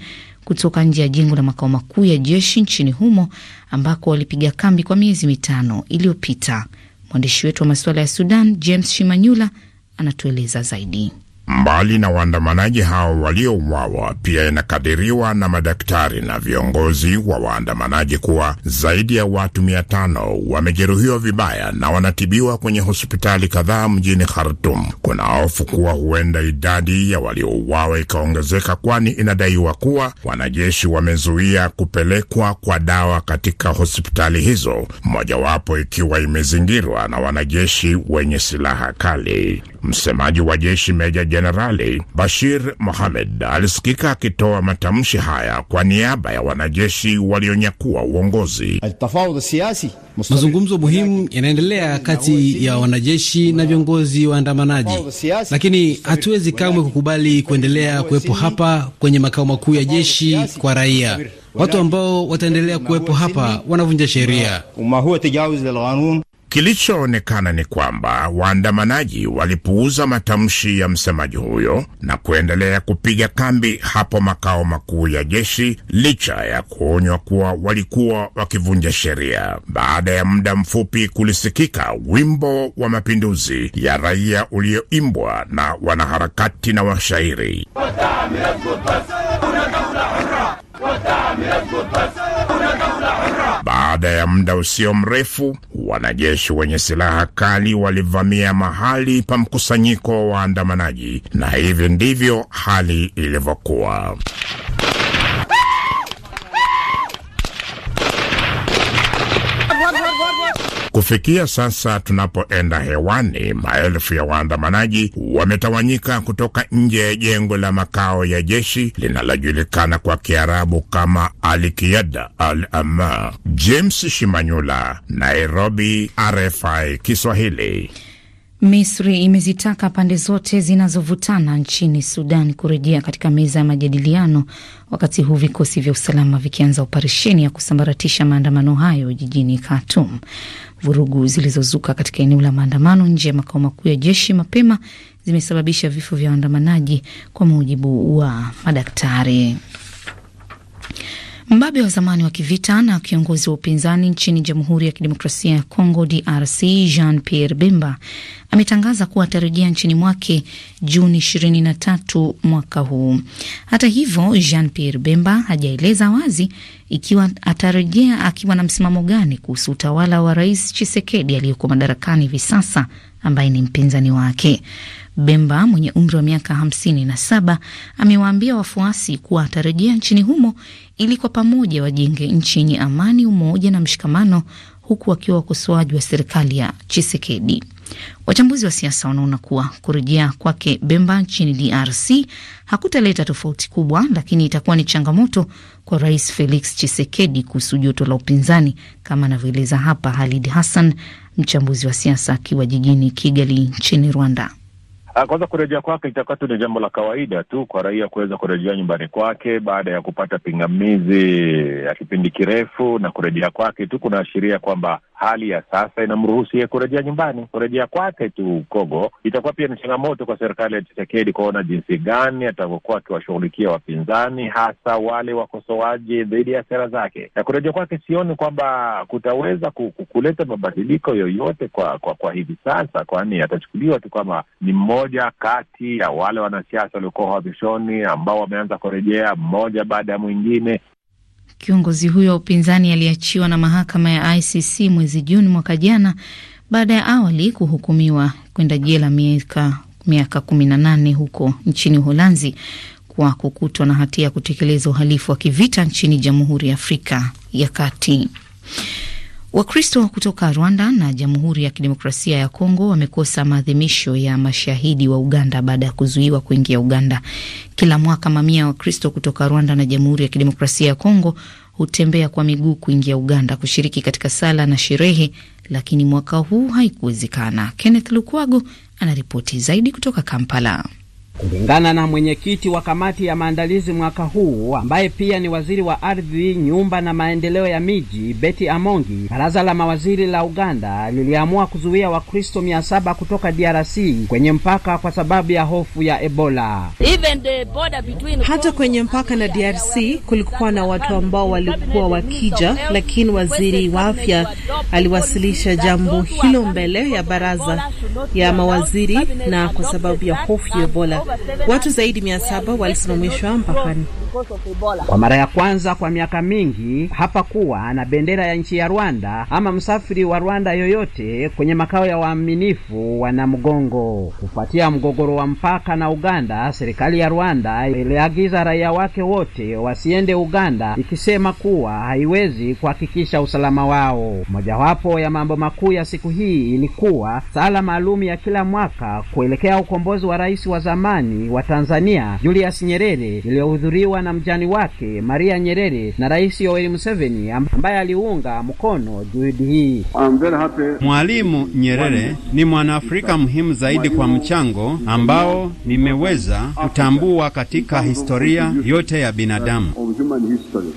kutoka nje ya jengo la makao makuu ya jeshi nchini humo ambako walipiga kambi kwa miezi mitano iliyopita. Mwandishi wetu wa masuala ya Sudan James Shimanyula anatueleza zaidi. Mbali na waandamanaji hao waliouawa, pia inakadiriwa na madaktari na viongozi wa waandamanaji kuwa zaidi ya watu mia tano wamejeruhiwa vibaya na wanatibiwa kwenye hospitali kadhaa mjini Khartum. Kuna hofu kuwa huenda idadi ya waliouawa ikaongezeka, kwani inadaiwa kuwa wanajeshi wamezuia kupelekwa kwa dawa katika hospitali hizo, mojawapo ikiwa imezingirwa na wanajeshi wenye silaha kali. Msemaji wa jeshi Meja Jenerali Bashir Mohamed alisikika akitoa matamshi haya kwa niaba ya wanajeshi walionyakua uongozi. Mazungumzo muhimu yanaendelea kati ya wanajeshi na viongozi waandamanaji, lakini hatuwezi kamwe kukubali kuendelea kuwepo hapa kwenye makao makuu ya jeshi kwa raia. Watu ambao wataendelea kuwepo hapa wanavunja sheria. Kilichoonekana ni kwamba waandamanaji walipuuza matamshi ya msemaji huyo na kuendelea kupiga kambi hapo makao makuu ya jeshi licha ya kuonywa kuwa walikuwa wakivunja sheria. Baada ya muda mfupi, kulisikika wimbo wa mapinduzi ya raia ulioimbwa na wanaharakati na washairi. Baada ya muda usio mrefu, wanajeshi wenye silaha kali walivamia mahali pa mkusanyiko wa waandamanaji, na hivi ndivyo hali ilivyokuwa. Kufikia sasa tunapoenda hewani, maelfu ya waandamanaji wametawanyika kutoka nje ya jengo la makao ya jeshi linalojulikana kwa Kiarabu kama al al ama James Shimanyula, Nairobi, RFI Kiswahili. Misri imezitaka pande zote zinazovutana nchini Sudan kurejea katika meza ya majadiliano, wakati huu vikosi vya usalama vikianza operesheni ya kusambaratisha maandamano hayo jijini Khartoum. Vurugu zilizozuka katika eneo la maandamano nje ya makao makuu ya jeshi mapema zimesababisha vifo vya waandamanaji, kwa mujibu wa madaktari. Mbabe wa zamani wa kivita na kiongozi wa upinzani nchini Jamhuri ya Kidemokrasia ya Kongo DRC Jean Pierre Bemba ametangaza kuwa atarejea nchini mwake Juni 23 mwaka huu. Hata hivyo, Jean Pierre Bemba hajaeleza wazi ikiwa atarejea akiwa na msimamo gani kuhusu utawala wa Rais Chisekedi aliyekuwa madarakani hivi sasa ambaye ni mpinzani wake. Bemba mwenye umri wa miaka 57 amewaambia wafuasi kuwa atarejea nchini humo ili kwa pamoja wajenge nchi yenye amani, umoja na mshikamano, huku wakiwa wakosoaji wa serikali ya Chisekedi. Wachambuzi wa siasa wanaona kuwa kurejea kwake Bemba nchini DRC hakutaleta tofauti kubwa, lakini itakuwa ni changamoto kwa Rais Felix Chisekedi kuhusu joto la upinzani, kama anavyoeleza hapa Halid Hassan, mchambuzi wa siasa akiwa jijini Kigali nchini Rwanda. Ah, kwanza, kurejea kwake itakuwa tu ni jambo la kawaida tu kwa raia kuweza kurejea nyumbani kwake baada ya kupata pingamizi ya kipindi kirefu, na kurejea kwake tu kunaashiria kwamba hali ya sasa inamruhusu ye kurejea nyumbani. Kurejea kwake tu Kogo itakuwa pia ni changamoto kwa serikali ya chisekedi kuona jinsi gani atakokuwa akiwashughulikia wapinzani, hasa wale wakosoaji dhidi ya sera zake. Na kurejea kwake, sioni kwamba kutaweza kuleta mabadiliko yoyote kwa kwa, kwa hivi sasa, kwani atachukuliwa tu kama ni mmo mmoja kati ya wale wanasiasa waliokuwa uhamishoni ambao wameanza kurejea mmoja baada ya mwingine. Kiongozi huyo wa upinzani aliachiwa na mahakama ya ICC mwezi Juni mwaka jana baada ya awali kuhukumiwa kwenda jela miaka miaka kumi na nane huko nchini Uholanzi kwa kukutwa na hatia ya kutekeleza uhalifu wa kivita nchini Jamhuri ya Afrika ya Kati. Wakristo kutoka Rwanda na Jamhuri ya Kidemokrasia ya Kongo wamekosa maadhimisho ya mashahidi wa Uganda baada ya kuzuiwa kuingia Uganda. Kila mwaka mamia ya Wakristo kutoka Rwanda na Jamhuri ya Kidemokrasia ya Kongo hutembea kwa miguu kuingia Uganda kushiriki katika sala na sherehe, lakini mwaka huu haikuwezekana. Kenneth Lukwago anaripoti zaidi kutoka Kampala. Kulingana na mwenyekiti wa kamati ya maandalizi mwaka huu ambaye pia ni waziri wa ardhi, nyumba na maendeleo ya miji, Betty Amongi, baraza la mawaziri la Uganda liliamua kuzuia Wakristo mia saba kutoka DRC kwenye mpaka kwa sababu ya hofu ya Ebola. Between... hata kwenye mpaka na DRC kulikuwa na watu ambao walikuwa wakija, lakini waziri wa afya aliwasilisha jambo hilo mbele ya baraza ya mawaziri, na kwa sababu ya hofu ya Ebola Watu zaidi mia saba walisimamishwa mpakani. Kwa mara ya kwanza kwa miaka mingi hapakuwa na bendera ya nchi ya Rwanda ama msafiri wa Rwanda yoyote kwenye makao ya waaminifu wanamgongo. Kufuatia mgogoro wa mpaka na Uganda, serikali ya Rwanda iliagiza raia wake wote wasiende Uganda, ikisema kuwa haiwezi kuhakikisha usalama wao. Mojawapo ya mambo makuu ya siku hii ilikuwa sala maalum ya kila mwaka kuelekea ukombozi wa rais wa zamani wa Tanzania Julius Nyerere iliyohudhuriwa na mjani wake Maria Nyerere na Rais Yoweri Museveni ambaye aliunga mkono juhudi hii. Mwalimu Nyerere ni mwanaafrika muhimu zaidi kwa mchango ambao nimeweza kutambua katika historia yote ya binadamu.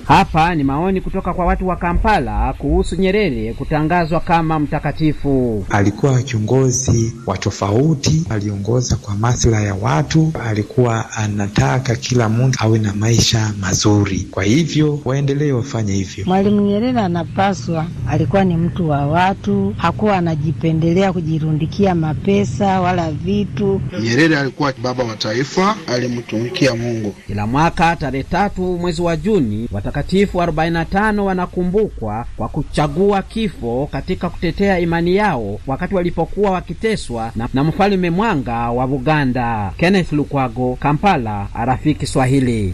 Hapa ni maoni kutoka kwa watu wa Kampala kuhusu Nyerere kutangazwa kama mtakatifu. Alikuwa kiongozi wa tofauti, aliongoza kwa maslahi ya watu, alikuwa anataka kila mtu awe na maisha maisha mazuri. Kwa hivyo waendelee wafanye hivyo. Mwalimu Nyerere anapaswa, alikuwa ni mtu wa watu, hakuwa anajipendelea kujirundikia mapesa wala vitu. Nyerere alikuwa baba wa taifa, alimtumikia Mungu. Kila mwaka tarehe tatu mwezi wa Juni, watakatifu 45 wanakumbukwa kwa kuchagua kifo katika kutetea imani yao wakati walipokuwa wakiteswa na, na mfalme Mwanga wa Buganda. Kenneth Lukwago, Kampala, Arafiki Swahili.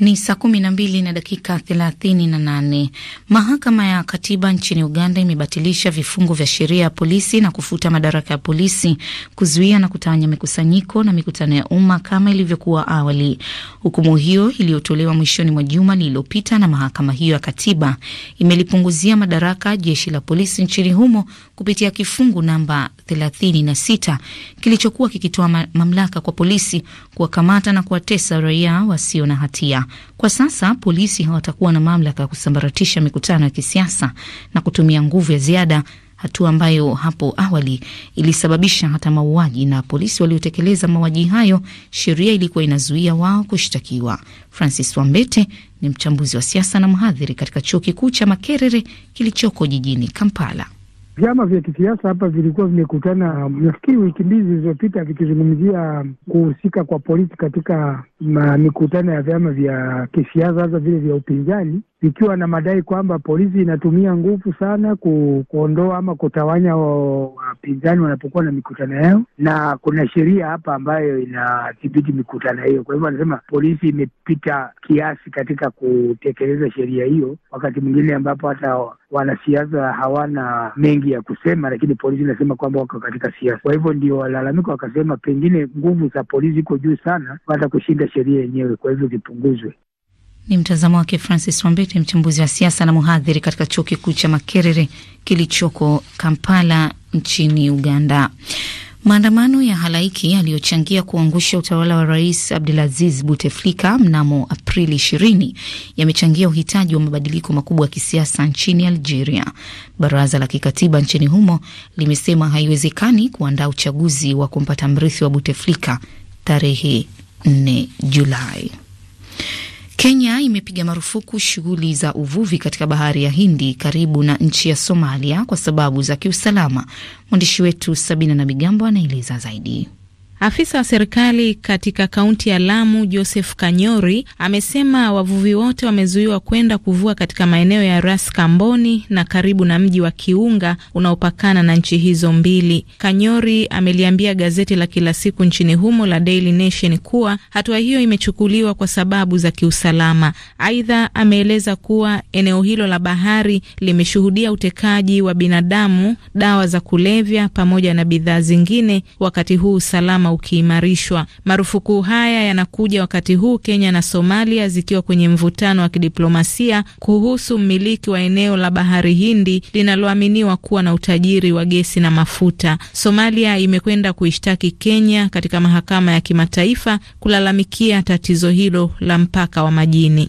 Ni saa kumi na mbili na dakika thelathini na nane. Mahakama ya katiba nchini Uganda imebatilisha vifungu vya sheria ya polisi na kufuta madaraka ya polisi kuzuia na kutawanya mikusanyiko na mikutano ya umma kama ilivyokuwa awali. Hukumu hiyo iliyotolewa mwishoni mwa juma lililopita na mahakama hiyo ya katiba imelipunguzia madaraka jeshi la polisi nchini humo kupitia kifungu namba sita kilichokuwa kikitoa mamlaka kwa polisi kuwakamata na kuwatesa raia wasio na hatia. Kwa sasa polisi hawatakuwa na mamlaka ya kusambaratisha mikutano ya kisiasa na kutumia nguvu ya ziada, hatua ambayo hapo awali ilisababisha hata mauaji. Na polisi waliotekeleza mauaji hayo, sheria ilikuwa inazuia wao kushtakiwa. Francis Wambete ni mchambuzi wa siasa na mhadhiri katika chuo kikuu cha Makerere kilichoko jijini Kampala vyama vya kisiasa hapa vilikuwa vimekutana, nafikiri wiki mbili zilizopita, vikizungumzia kuhusika kwa polisi katika mikutano ya vyama vya kisiasa, hasa vile vya upinzani, ikiwa na madai kwamba polisi inatumia nguvu sana ku, kuondoa ama kutawanya wapinzani wanapokuwa na mikutano yao, na kuna sheria hapa ambayo inadhibiti mikutano hiyo. Kwa hivyo wanasema polisi imepita kiasi katika kutekeleza sheria hiyo, wakati mwingine ambapo hata wanasiasa hawana mengi ya kusema, lakini polisi inasema kwamba wako katika siasa. Kwa hivyo ndio walalamika wakasema, pengine nguvu za polisi iko juu sana hata kushinda sheria yenyewe, kwa hivyo zipunguzwe. Ni mtazamo wake Francis Wambete, mchambuzi wa siasa na mhadhiri katika chuo kikuu cha Makerere kilichoko Kampala nchini Uganda. Maandamano ya halaiki yaliyochangia kuangusha utawala wa Rais Abdulaziz Buteflika mnamo Aprili 20 yamechangia uhitaji wa mabadiliko makubwa ya kisiasa nchini Algeria. Baraza la kikatiba nchini humo limesema haiwezekani kuandaa uchaguzi wa kumpata mrithi wa Buteflika tarehe 4 Julai. Kenya imepiga marufuku shughuli za uvuvi katika bahari ya Hindi karibu na nchi ya Somalia kwa sababu za kiusalama. Mwandishi wetu Sabina na Migambo anaeleza zaidi. Afisa wa serikali katika kaunti ya Lamu Joseph Kanyori amesema wavuvi wote wamezuiwa kwenda kuvua katika maeneo ya Ras Kamboni na karibu na mji wa Kiunga unaopakana na nchi hizo mbili. Kanyori ameliambia gazeti la kila siku nchini humo la Daily Nation kuwa hatua hiyo imechukuliwa kwa sababu za kiusalama. Aidha, ameeleza kuwa eneo hilo la bahari limeshuhudia utekaji wa binadamu, dawa za kulevya pamoja na bidhaa zingine, wakati huu usalama usalama ukiimarishwa. Marufuku haya yanakuja wakati huu Kenya na Somalia zikiwa kwenye mvutano wa kidiplomasia kuhusu mmiliki wa eneo la bahari Hindi linaloaminiwa kuwa na utajiri wa gesi na mafuta. Somalia imekwenda kuishtaki Kenya katika mahakama ya kimataifa kulalamikia tatizo hilo la mpaka wa majini.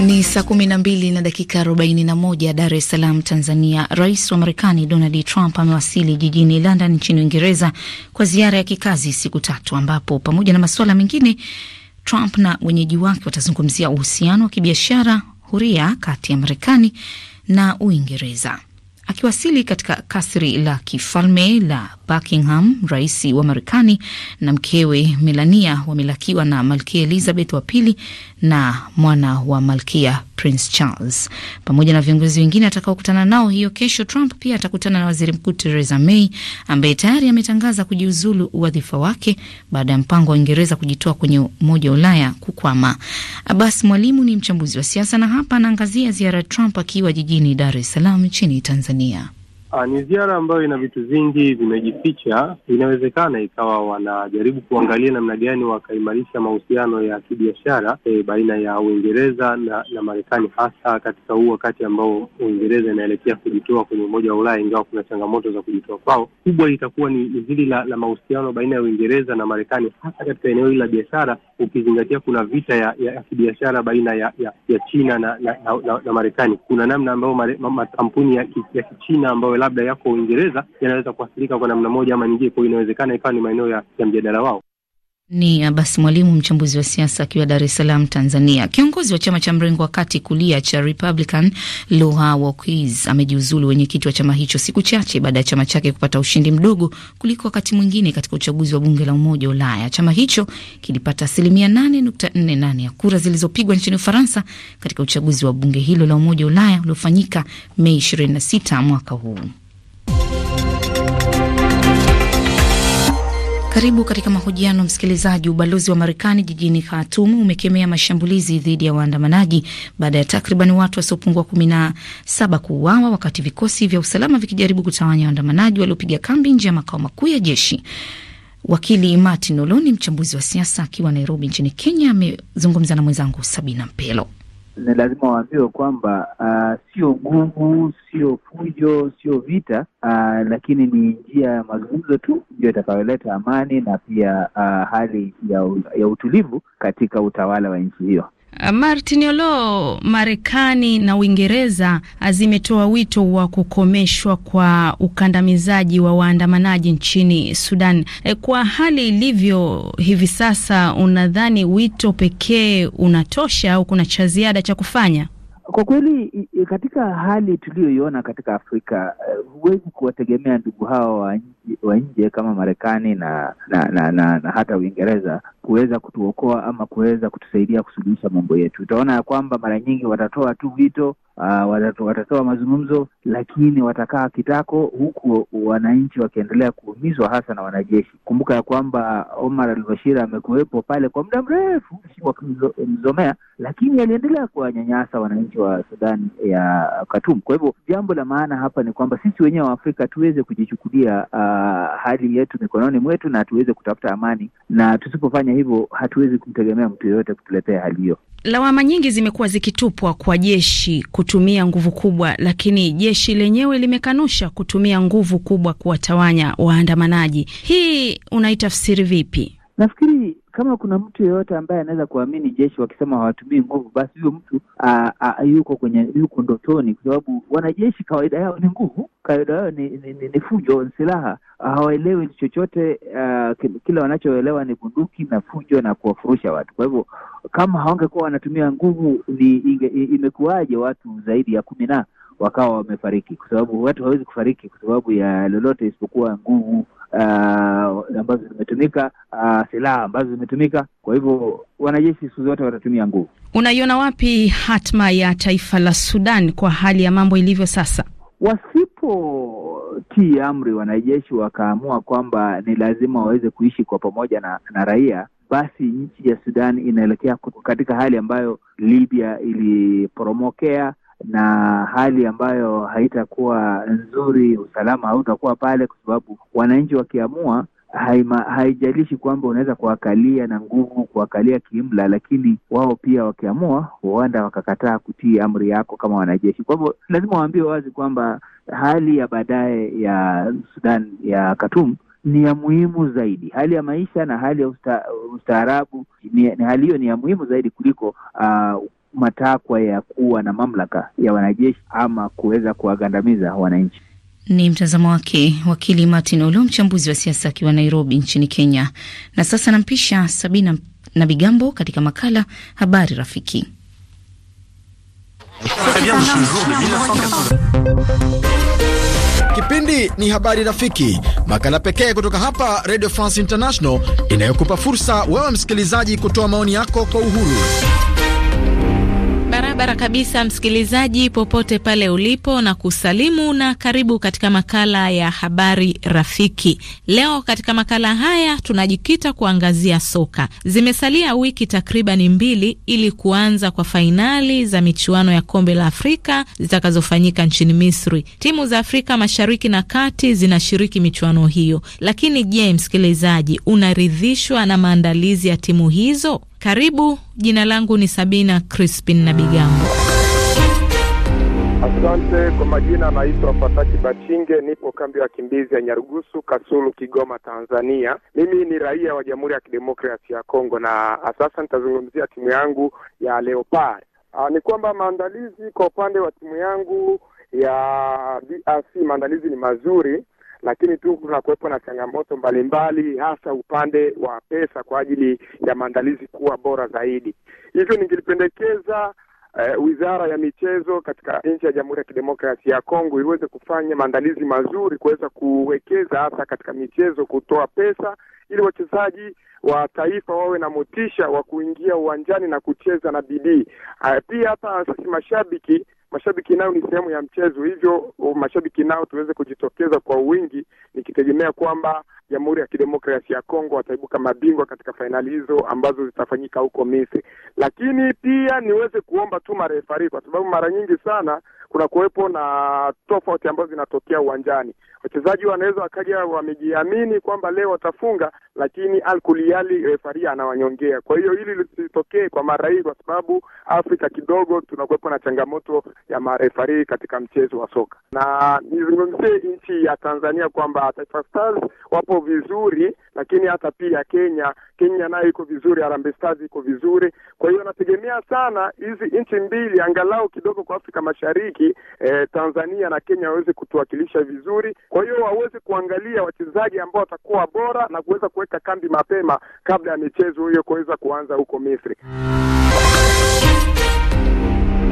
Ni saa 12 na dakika 41 Dar es Salaam, Tanzania. Rais wa Marekani Donald Trump amewasili jijini London nchini Uingereza kwa ziara ya kikazi siku tatu, ambapo pamoja na masuala mengine Trump na wenyeji wake watazungumzia uhusiano wa kibiashara huria kati ya Marekani na Uingereza. Akiwasili katika kasri la kifalme la Buckingham, rais wa Marekani na mkewe Melania wamelakiwa na malkia Elizabeth wa pili na mwana wa malkia Prince Charles pamoja na viongozi wengine atakaokutana nao hiyo kesho. Trump pia atakutana na waziri mkuu Theresa May ambaye tayari ametangaza kujiuzulu wadhifa wake baada ya mpango wa Uingereza kujitoa kwenye Umoja wa Ulaya kukwama. Abbas Mwalimu ni mchambuzi wa siasa na hapa anaangazia ziara ya Trump akiwa jijini Dar es Salaam nchini Tanzania. Ah, ni ziara ambayo ina vitu vingi vimejificha. Inawezekana ikawa wanajaribu kuangalia namna gani wakaimarisha mahusiano ya kibiashara e, baina ya Uingereza na, na Marekani, hasa katika huu wakati ambao Uingereza inaelekea kujitoa kwenye Umoja wa Ulaya, ingawa kuna changamoto za kujitoa kwao. Kubwa itakuwa ni, ni zili la, la mahusiano baina ya Uingereza na Marekani, hasa katika eneo hili la biashara, ukizingatia kuna vita ya, ya, ya kibiashara baina ya, ya, ya China na, na, na, na, na Marekani. Kuna namna ambayo makampuni ya, ya Kichina ambayo labda yako Uingereza yanaweza kuathirika kwa namna moja ama nyingine. Kwa hiyo inawezekana ikawa ni maeneo ya, ya mjadala wao. Ni Abasi Mwalimu, mchambuzi wa siasa akiwa Dar es Salaam, Tanzania. Kiongozi wa chama cha mrengo wa kati kulia cha Republican Luha Wakis amejiuzulu wenyekiti wa chama hicho siku chache baada ya chama chake kupata ushindi mdogo kuliko wakati mwingine katika uchaguzi wa bunge la Umoja wa Ulaya. Chama hicho kilipata asilimia 8.48 ya kura zilizopigwa nchini Ufaransa katika uchaguzi wa bunge hilo la Umoja wa Ulaya uliofanyika Mei 26 mwaka huu. Karibu katika mahojiano msikilizaji. Ubalozi wa Marekani jijini Khartoum umekemea mashambulizi dhidi ya waandamanaji baada ya takriban watu wasiopungua kumi na saba kuuawa wakati vikosi vya usalama vikijaribu kutawanya waandamanaji waliopiga kambi nje ya makao makuu ya jeshi. Wakili Martin Oloni, mchambuzi wa siasa akiwa Nairobi nchini Kenya, amezungumza na mwenzangu Sabina Mpelo ni lazima waambiwe kwamba uh, sio nguvu, sio fujo, sio vita uh, lakini ni njia ya mazungumzo tu ndio itakayoleta amani na pia uh, hali ya, ya utulivu katika utawala wa nchi hiyo. Uh, Martin Olo, Marekani na Uingereza uh, zimetoa wito wa kukomeshwa kwa ukandamizaji wa waandamanaji nchini Sudan. E, kwa hali ilivyo hivi sasa, unadhani wito pekee unatosha au kuna cha ziada cha kufanya? Kwa kweli katika hali tuliyoiona katika Afrika, huwezi kuwategemea ndugu hao wa wa nje kama Marekani na na, na na na hata Uingereza kuweza kutuokoa ama kuweza kutusaidia kusuluhisha mambo yetu. Utaona ya kwamba mara nyingi watatoa tu wito uh, watatoa mazungumzo, lakini watakaa kitako, huku wananchi wakiendelea kuumizwa, hasa na wanajeshi. Kumbuka ya kwamba Omar al-Bashir amekuwepo pale kwa muda mrefu wakimzomea, lakini aliendelea kuwanyanyasa wananchi wa Sudani ya Khartoum. Kwa hivyo jambo la maana hapa ni kwamba sisi wenyewe wa Afrika tuweze kujichukulia uh, hali yetu mikononi mwetu na tuweze kutafuta amani, na tusipofanya hivyo hatuwezi kumtegemea mtu yoyote kutuletea hali hiyo. Lawama nyingi zimekuwa zikitupwa kwa jeshi kutumia nguvu kubwa, lakini jeshi lenyewe limekanusha kutumia nguvu kubwa kuwatawanya waandamanaji. Hii unaitafsiri vipi? Nafikiri kama kuna mtu yeyote ambaye anaweza kuamini jeshi wakisema hawatumii nguvu, basi huyo mtu a, a, yuko kwenye yuko ndotoni, kwa sababu wanajeshi kawaida yao ni nguvu, kawaida yao ni, ni, ni, ni fujo, silaha. Hawaelewi chochote, kile wanachoelewa ni bunduki na fujo na kuwafurusha watu. Kwa hivyo kama hawangekuwa wanatumia nguvu, ni imekuwaje watu zaidi ya kumi na wakawa wamefariki, kwa sababu watu hawawezi kufariki kwa sababu ya lolote isipokuwa nguvu uh, ambazo zimetumika, uh, silaha ambazo zimetumika. Kwa hivyo wanajeshi siku zote watatumia nguvu. Unaiona wapi hatma ya taifa la Sudan kwa hali ya mambo ilivyo sasa? Wasipotii amri wanajeshi wakaamua kwamba ni lazima waweze kuishi kwa pamoja na, na raia, basi nchi ya Sudan inaelekea katika hali ambayo Libya iliporomokea na hali ambayo haitakuwa nzuri, usalama hautakuwa pale, kwa sababu wananchi wakiamua Haima, haijalishi kwamba unaweza kuwakalia na nguvu, kuwakalia kiimla, lakini wao pia wakiamua huenda wakakataa kutii amri yako kama wanajeshi. Kwa hivyo lazima waambie wazi kwamba hali ya baadaye ya Sudan ya Khartoum ni ya muhimu zaidi, hali ya maisha na hali ya usta, ustaarabu ni, ni hali hiyo ni ya muhimu zaidi kuliko uh, matakwa ya kuwa na mamlaka ya wanajeshi ama kuweza kuwagandamiza wananchi. Ni mtazamo wake wakili Martin Olo, mchambuzi wa siasa akiwa Nairobi nchini Kenya. Na sasa nampisha Sabina na Bigambo katika makala Habari Rafiki. Kipindi ni Habari Rafiki, makala pekee kutoka hapa Radio France International inayokupa fursa wewe msikilizaji kutoa maoni yako kwa uhuru barabara kabisa, msikilizaji popote pale ulipo, na kusalimu na karibu katika makala ya habari rafiki. Leo katika makala haya tunajikita kuangazia soka. Zimesalia wiki takribani mbili ili kuanza kwa fainali za michuano ya kombe la Afrika zitakazofanyika nchini Misri. Timu za Afrika Mashariki na Kati zinashiriki michuano hiyo, lakini je, msikilizaji, unaridhishwa na maandalizi ya timu hizo? Karibu, jina langu ni Sabina Crispin na Bigambo. Asante kwa majina, naitwa Fataki Bachinge, nipo kambi ya wakimbizi ya Nyarugusu, Kasulu, Kigoma, Tanzania. Mimi ni raia wa Jamhuri ya Kidemokrasia ya Kongo na ah, sasa nitazungumzia timu yangu ya Leopard. Ah, ni kwamba maandalizi kwa upande wa timu yangu ya DRC, maandalizi ni mazuri lakini tu kunakuwepo na changamoto mbalimbali, hasa upande wa pesa kwa ajili ya maandalizi kuwa bora zaidi. Hivyo nikilipendekeza Uh, eh, Wizara ya Michezo katika nchi ya Jamhuri ya Kidemokrasia ya Kongo iweze kufanya maandalizi mazuri kuweza kuwekeza hasa katika michezo, kutoa pesa ili wachezaji wa taifa wawe na motisha wa kuingia uwanjani na kucheza na bidii. Uh, pia hata sisi mashabiki mashabiki nao ni sehemu ya mchezo, hivyo mashabiki nao tuweze kujitokeza kwa wingi, nikitegemea kwamba Jamhuri ya Kidemokrasia ya Kongo wataibuka mabingwa katika fainali hizo ambazo zitafanyika huko Misri. Lakini pia niweze kuomba tu marefari, kwa sababu mara nyingi sana kuna kuwepo na tofauti ambazo zinatokea uwanjani. Wachezaji wanaweza wakaja wamejiamini kwamba leo watafunga, lakini alkuliali refaria anawanyongea. Kwa hiyo hili lisitokee kwa mara hii, kwa sababu Afrika kidogo tunakuwepo na changamoto ya marefari katika mchezo wa soka, na nizungumzie nchi ya Tanzania kwamba Taifa Stars wapo vizuri, lakini hata pia Kenya, Kenya nayo iko vizuri, Harambee Stars iko vizuri. Kwa hiyo nategemea sana hizi nchi mbili angalau kidogo kwa Afrika Mashariki mashariki eh, Tanzania na Kenya waweze kutuwakilisha vizuri. Kwa hiyo waweze kuangalia wachezaji ambao watakuwa bora na kuweza kuweka kambi mapema kabla ya michezo hiyo kuweza kuanza huko Misri.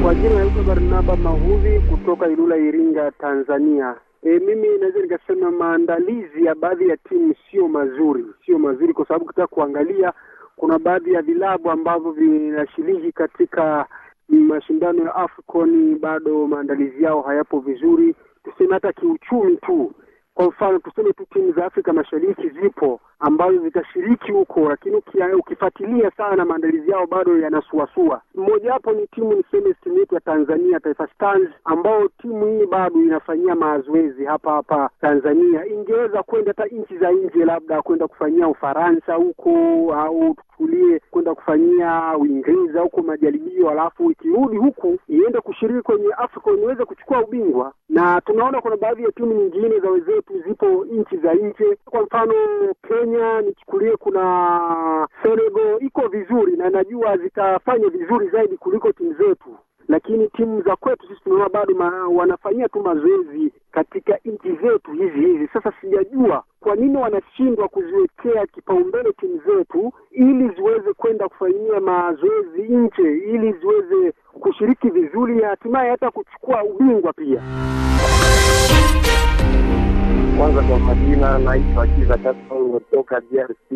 Kwa jina naitwa Barnaba Mahuvi kutoka Ilula, Iringa, Tanzania. E, mimi naweza nikasema maandalizi ya baadhi ya timu sio mazuri, sio mazuri kwa sababu ukitaka kuangalia kuna baadhi ya vilabu ambavyo vinashiriki katika mashindano ya AFCON bado maandalizi yao hayapo vizuri, tuseme hata kiuchumi tu. Kwa mfano tuseme tu timu za Afrika Mashariki zipo ambazo zitashiriki huko, lakini ukifuatilia sana maandalizi yao bado yanasuasua. Mmojawapo ni timu niseme timu yetu ya Tanzania Taifa Stars, ambayo timu hii bado inafanyia mazoezi hapa hapa Tanzania. Ingeweza kwenda hata nchi za nje, labda kwenda kufanyia Ufaransa huko au tuchukulie kwenda kufanyia Uingereza huko majaribio, alafu ikirudi huku iende kushiriki kwenye afrika iweze kuchukua ubingwa. Na tunaona kuna baadhi ya timu nyingine za wenzetu zipo nchi za nje, kwa mfano Kenya Kenya, nichukulie kuna Senegal iko vizuri na najua zitafanya vizuri zaidi kuliko timu zetu, lakini timu za kwetu sisi tunaona bado wanafanyia tu mazoezi katika nchi zetu hizi hizi. Sasa sijajua kwa nini wanashindwa kuziwekea kipaumbele timu zetu ili ziweze kwenda kufanyia mazoezi nje, ili ziweze kushiriki vizuri, hatimaye hata kuchukua ubingwa pia kwanza kwa majina, naitwa Kiza Kasongo kutoka DRC,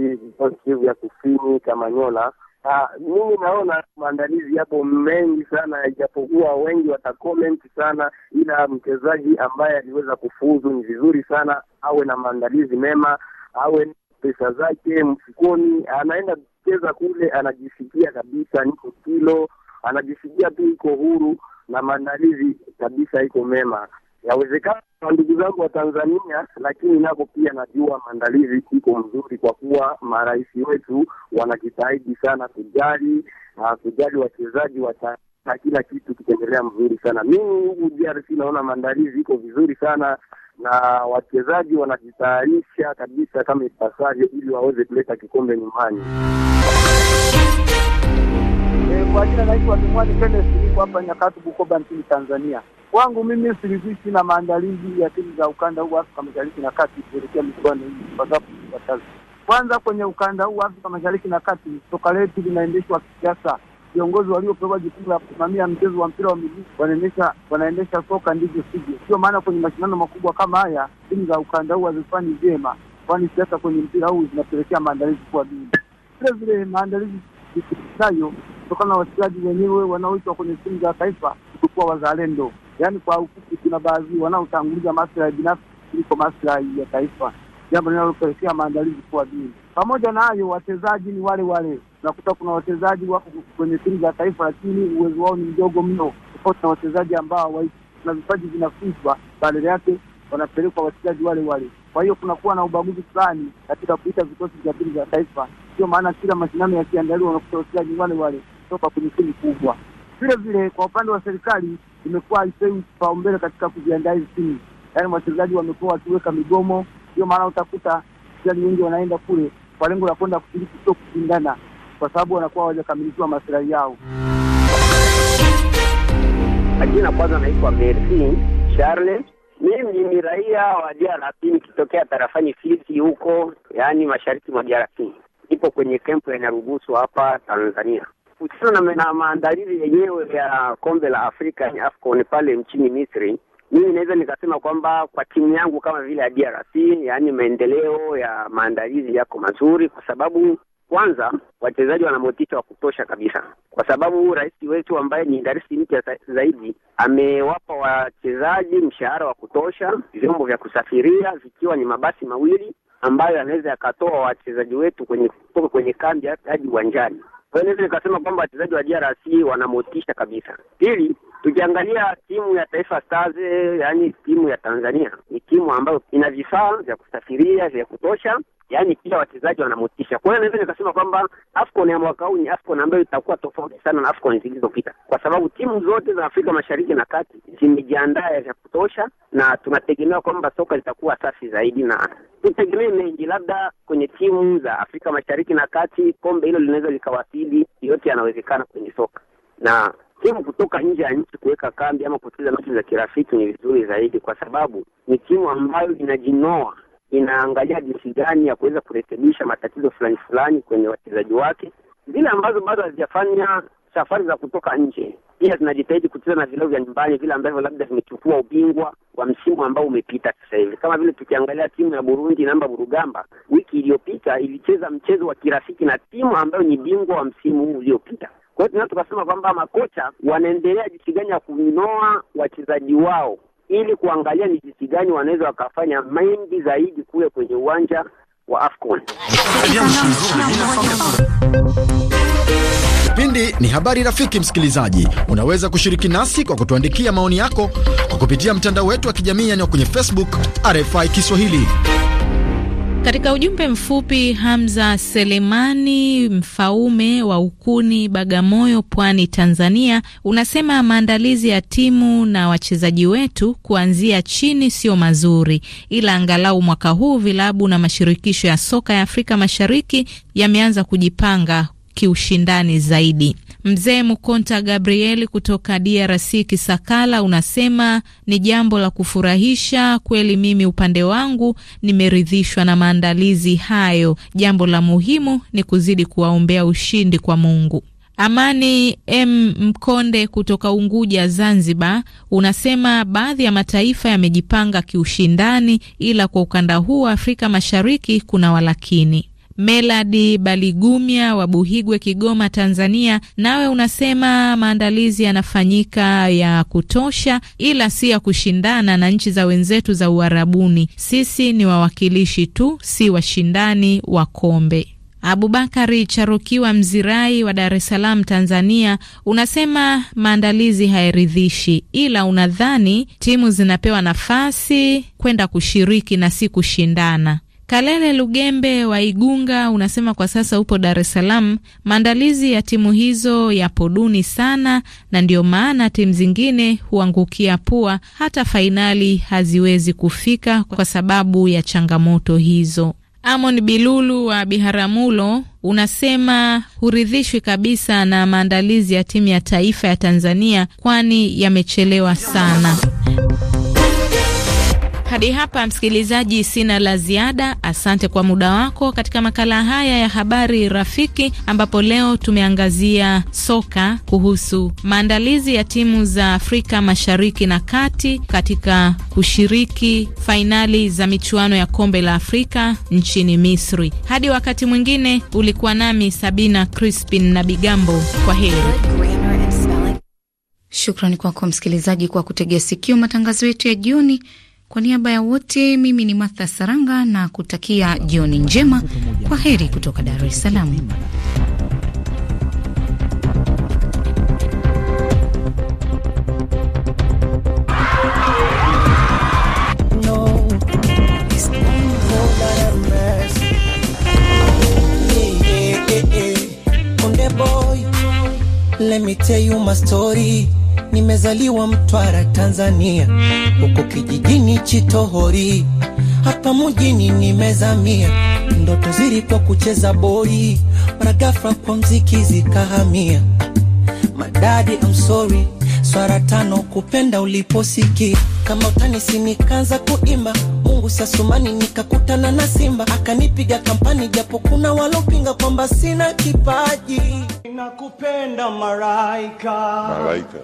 Kivu ya Kusini, Kamanyola. Ah, mimi naona maandalizi yapo mengi sana, ijapokuwa wengi watacomment sana, ila mchezaji ambaye aliweza kufuzu ni vizuri sana, awe na maandalizi mema, awe pesa zake mfukoni, anaenda kucheza kule, anajisikia kabisa niko kilo, anajisikia tu iko huru na maandalizi kabisa iko mema yawezekana kwa ndugu zangu wa Tanzania, lakini nako pia najua maandalizi iko mzuri, kwa kuwa marais wetu wanajitahidi sana kujali kujali wachezaji wa na kila kitu kikiendelea mzuri sana. Mimi huku DRC naona maandalizi iko vizuri sana na wachezaji wanajitayarisha kabisa kama ipasavyo, ili waweze kuleta kikombe nyumbani. E, kwa jina naitwa Kimwani Kenneth, niko hapa Nyakatu, Bukoba nchini Tanzania. Kwangu mimi sirizishi na maandalizi ya timu za ukanda huu wa Afrika Mashariki na Kati kuelekea michuano hii kwa sababu zifuatazo. Kwanza, kwenye ukanda huu wa Afrika Mashariki na Kati soka letu linaendeshwa kisiasa. Viongozi waliopewa jukumu la kusimamia mchezo wa mpira wa miguu wanaendesha wanaendesha soka ndivyo sivyo. Sio maana kwenye mashindano makubwa kama haya timu za ukanda huu hazifanyi vyema, kwani siasa kwenye mpira huu zinapelekea maandalizi kuwa duni. Vile vile maandalizi nayo kutokana na wachezaji wenyewe wanaoitwa kwenye timu za taifa kutokuwa wazalendo. Yaani kwa ufupi, kuna baadhi wanaotanguliza maslahi binafsi kuliko maslahi ya taifa, jambo linalopelekea maandalizi kuwa duni. Pamoja na hayo, wachezaji ni wale wale. Unakuta kuna wachezaji wako kwenye timu za taifa, lakini uwezo wao ni mdogo mno, tofauti na wachezaji ambao wa na vipaji vinafuzwa, badala yake wanapelekwa wachezaji wale wale. Kwa hiyo kunakuwa na ubaguzi fulani katika kuita vikosi vya timu za taifa. Ndio maana kila mashindano yakiandaliwa, unakuta wachezaji wale wale kutoka kwenye timu kubwa. Vile vile kwa upande wa serikali imekuwa haipewi kipaumbele katika kujiandaa hizi timu, yaani wachezaji wamekuwa wakiweka migomo. Ndio maana utakuta wachezaji wengi wanaenda kule kwa lengo la kwenda kushiriki, sio kushindana, kwa sababu wanakuwa hawajakamilishiwa masilahi yao. Ajina kwanza, naitwa Merci Charles. Mimi ni raia wa DRC nikitokea tarafani Fizi huko, yaani mashariki mwa DRC. Ipo kwenye kempu ya Nyarugusu hapa Tanzania kuhusiana na maandalizi yenyewe ya kombe la Afrika ni AFCON pale nchini Misri, mimi naweza nikasema kwamba kwa timu yangu kama vile ya DRC, yaani maendeleo ya maandalizi yako mazuri, kwa sababu kwanza wachezaji wana motisha wa kutosha kabisa, kwa sababu rais wetu ambaye ni ndarisi mpya zaidi amewapa wachezaji mshahara wa kutosha, vyombo vya kusafiria vikiwa ni mabasi mawili ambayo yanaweza yakatoa wachezaji wetu kutoka kwenye, kwenye kambi hadi uwanjani. Kwa hiyo naweza nikasema kwamba wachezaji wa DRC wanamotisha kabisa. Pili, tukiangalia timu ya Taifa Stars, yaani timu ya Tanzania, ni timu ambayo ina vifaa vya kusafiria vya kutosha, yaani pia wachezaji wanamotisha. Kwa hiyo naweza nikasema kwamba AFCON ya mwaka huu ni AFCON ambayo itakuwa tofauti sana na AFCON zilizopita, kwa sababu timu zote za Afrika Mashariki na Kati zimejiandaa ya kutosha, na tunategemea kwamba soka litakuwa safi zaidi, na tutegemee mengi, labda kwenye timu za Afrika Mashariki na Kati. Kombe hilo linaweza likawasili, yote yanawezekana kwenye soka na timu kutoka nje ya nchi kuweka kambi ama kucheza mechi za kirafiki ni vizuri zaidi, kwa sababu ni timu ambayo inajinoa inaangalia jinsi gani ya kuweza kurekebisha matatizo fulani fulani kwenye wachezaji wake, zile ambazo bado hazijafanya safari za kutoka nje. Pia zinajitahidi kucheza na vileo vya nyumbani, vile ambavyo labda vimechukua ubingwa wa msimu ambao umepita sasa hivi. Kama vile tukiangalia timu ya Burundi namba Burugamba, wiki iliyopita ilicheza mchezo wa kirafiki na timu ambayo ni bingwa wa msimu huu uliopita. Kwa hiyo tunaweza tukasema kwamba makocha wanaendelea jinsi gani ya kunoa wachezaji wao ili kuangalia ni jinsi gani wanaweza wakafanya mengi zaidi kule kwenye uwanja wa AFCON. Kipindi ni habari. Rafiki msikilizaji, unaweza kushiriki nasi kwa kutuandikia maoni yako kwa kupitia mtandao wetu wa kijamii, yani kwenye Facebook RFI Kiswahili. Katika ujumbe mfupi, Hamza Selemani Mfaume wa Ukuni, Bagamoyo, Pwani, Tanzania, unasema maandalizi ya timu na wachezaji wetu kuanzia chini sio mazuri, ila angalau mwaka huu vilabu na mashirikisho ya soka ya Afrika Mashariki yameanza kujipanga kiushindani zaidi. Mzee Mukonta Gabriel kutoka DRC Kisakala unasema ni jambo la kufurahisha kweli. Mimi upande wangu nimeridhishwa na maandalizi hayo. Jambo la muhimu ni kuzidi kuwaombea ushindi kwa Mungu. Amani M Mkonde kutoka Unguja, Zanzibar, unasema baadhi ya mataifa yamejipanga kiushindani, ila kwa ukanda huu wa Afrika Mashariki kuna walakini. Meladi Baligumya wa Buhigwe, Kigoma, Tanzania, nawe unasema maandalizi yanafanyika ya kutosha, ila si ya kushindana na nchi za wenzetu za Uarabuni. Sisi ni wawakilishi tu, si washindani wa kombe. Abubakari Charukiwa Mzirai wa Dar es Salaam, Tanzania, unasema maandalizi hayaridhishi, ila unadhani timu zinapewa nafasi kwenda kushiriki na si kushindana. Kalele Lugembe wa Igunga unasema kwa sasa upo Dar es Salaam. Maandalizi ya timu hizo yapo duni sana, na ndiyo maana timu zingine huangukia pua, hata fainali haziwezi kufika kwa sababu ya changamoto hizo. Amon Bilulu wa Biharamulo unasema huridhishwi kabisa na maandalizi ya timu ya taifa ya Tanzania, kwani yamechelewa sana. Hadi hapa msikilizaji, sina la ziada. Asante kwa muda wako katika makala haya ya habari rafiki, ambapo leo tumeangazia soka kuhusu maandalizi ya timu za Afrika Mashariki na Kati katika kushiriki fainali za michuano ya kombe la Afrika nchini Misri. Hadi wakati mwingine, ulikuwa nami Sabina Crispin na Bigambo. Kwa heri. Shukrani kwako msikilizaji kwa kutegea sikio matangazo yetu ya jioni. Kwa niaba ya wote, mimi ni Martha Saranga na kutakia jioni njema. Kwa heri kutoka Dar es Salaam. Nimezaliwa Mtwara, Tanzania, huko kijijini Chitohori, hapa mjini nimezamia, ndoto zilikuwa kucheza boli, mara ghafla kwa mziki zikahamia. Madadi I'm sorry, swara tano kupenda uliposikia, kama utanisi nikaanza kuimba Mungu sasumani, nikakutana na simba akanipiga kampani, japo kuna walopinga kwamba sina kipaji. Nakupenda malaika, malaika.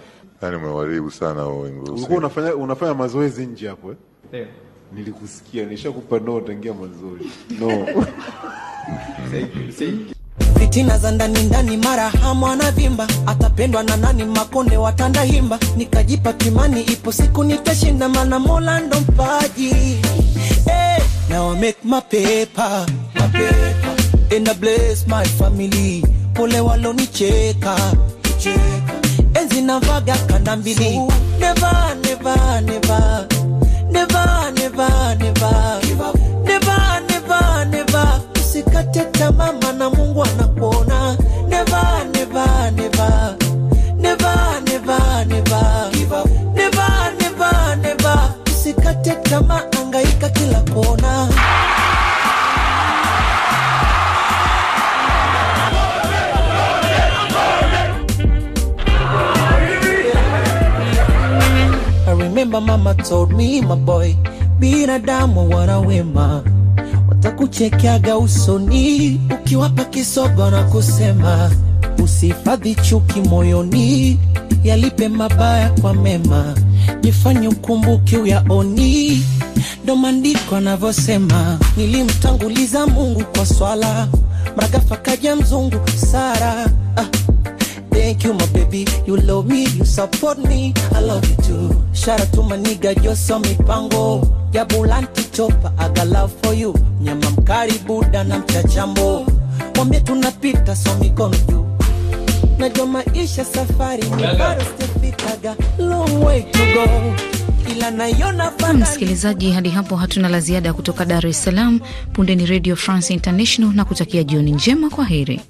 Yani umewaribu sana ulikuwa unafanya, unafanya mazoezi nje hapo eh? Ndio. Nilikusikia, nishakupa no tangia mazoezi No. Fitina za ndani ndani, mara hamu anavimba, atapendwa na nani? Makonde watanda himba, nikajipa kimani, ipo siku nitashinda, maana Mola ndo mpaji. Hey, eh, now I make my paper, my paper. And I bless my family, pole walonicheka, cheka zinavaga kanda mbili. Never, never, never. Never, Usikate tamaa maana Mungu anakuona. Usikate tamaa remember mama told me my boy, binadamu wana wema, watakuchekeaga usoni ukiwapa kisogo na kusema usihifadhi chuki moyoni, yalipe mabaya kwa mema, jifanye ukumbuki uyaoni. Ndo maandiko anavyosema, nilimtanguliza Mungu kwa swala, mragafa kaja mzungu Sara ah make you my baby. You love me, you support me, I love you too. Shout out to my nigga Joso Mipango, Jabulanti Chopa, I got love for you. Nyama mkari buda na mchachambo, mwambie tunapita so mikono juu. Najua maisha safari ni bado sifikaga, long way to go. Msikilizaji, hadi hapo hatuna la ziada kutoka Dar es Salaam. Punde ni Radio France International na kutakia jioni njema, kwa heri.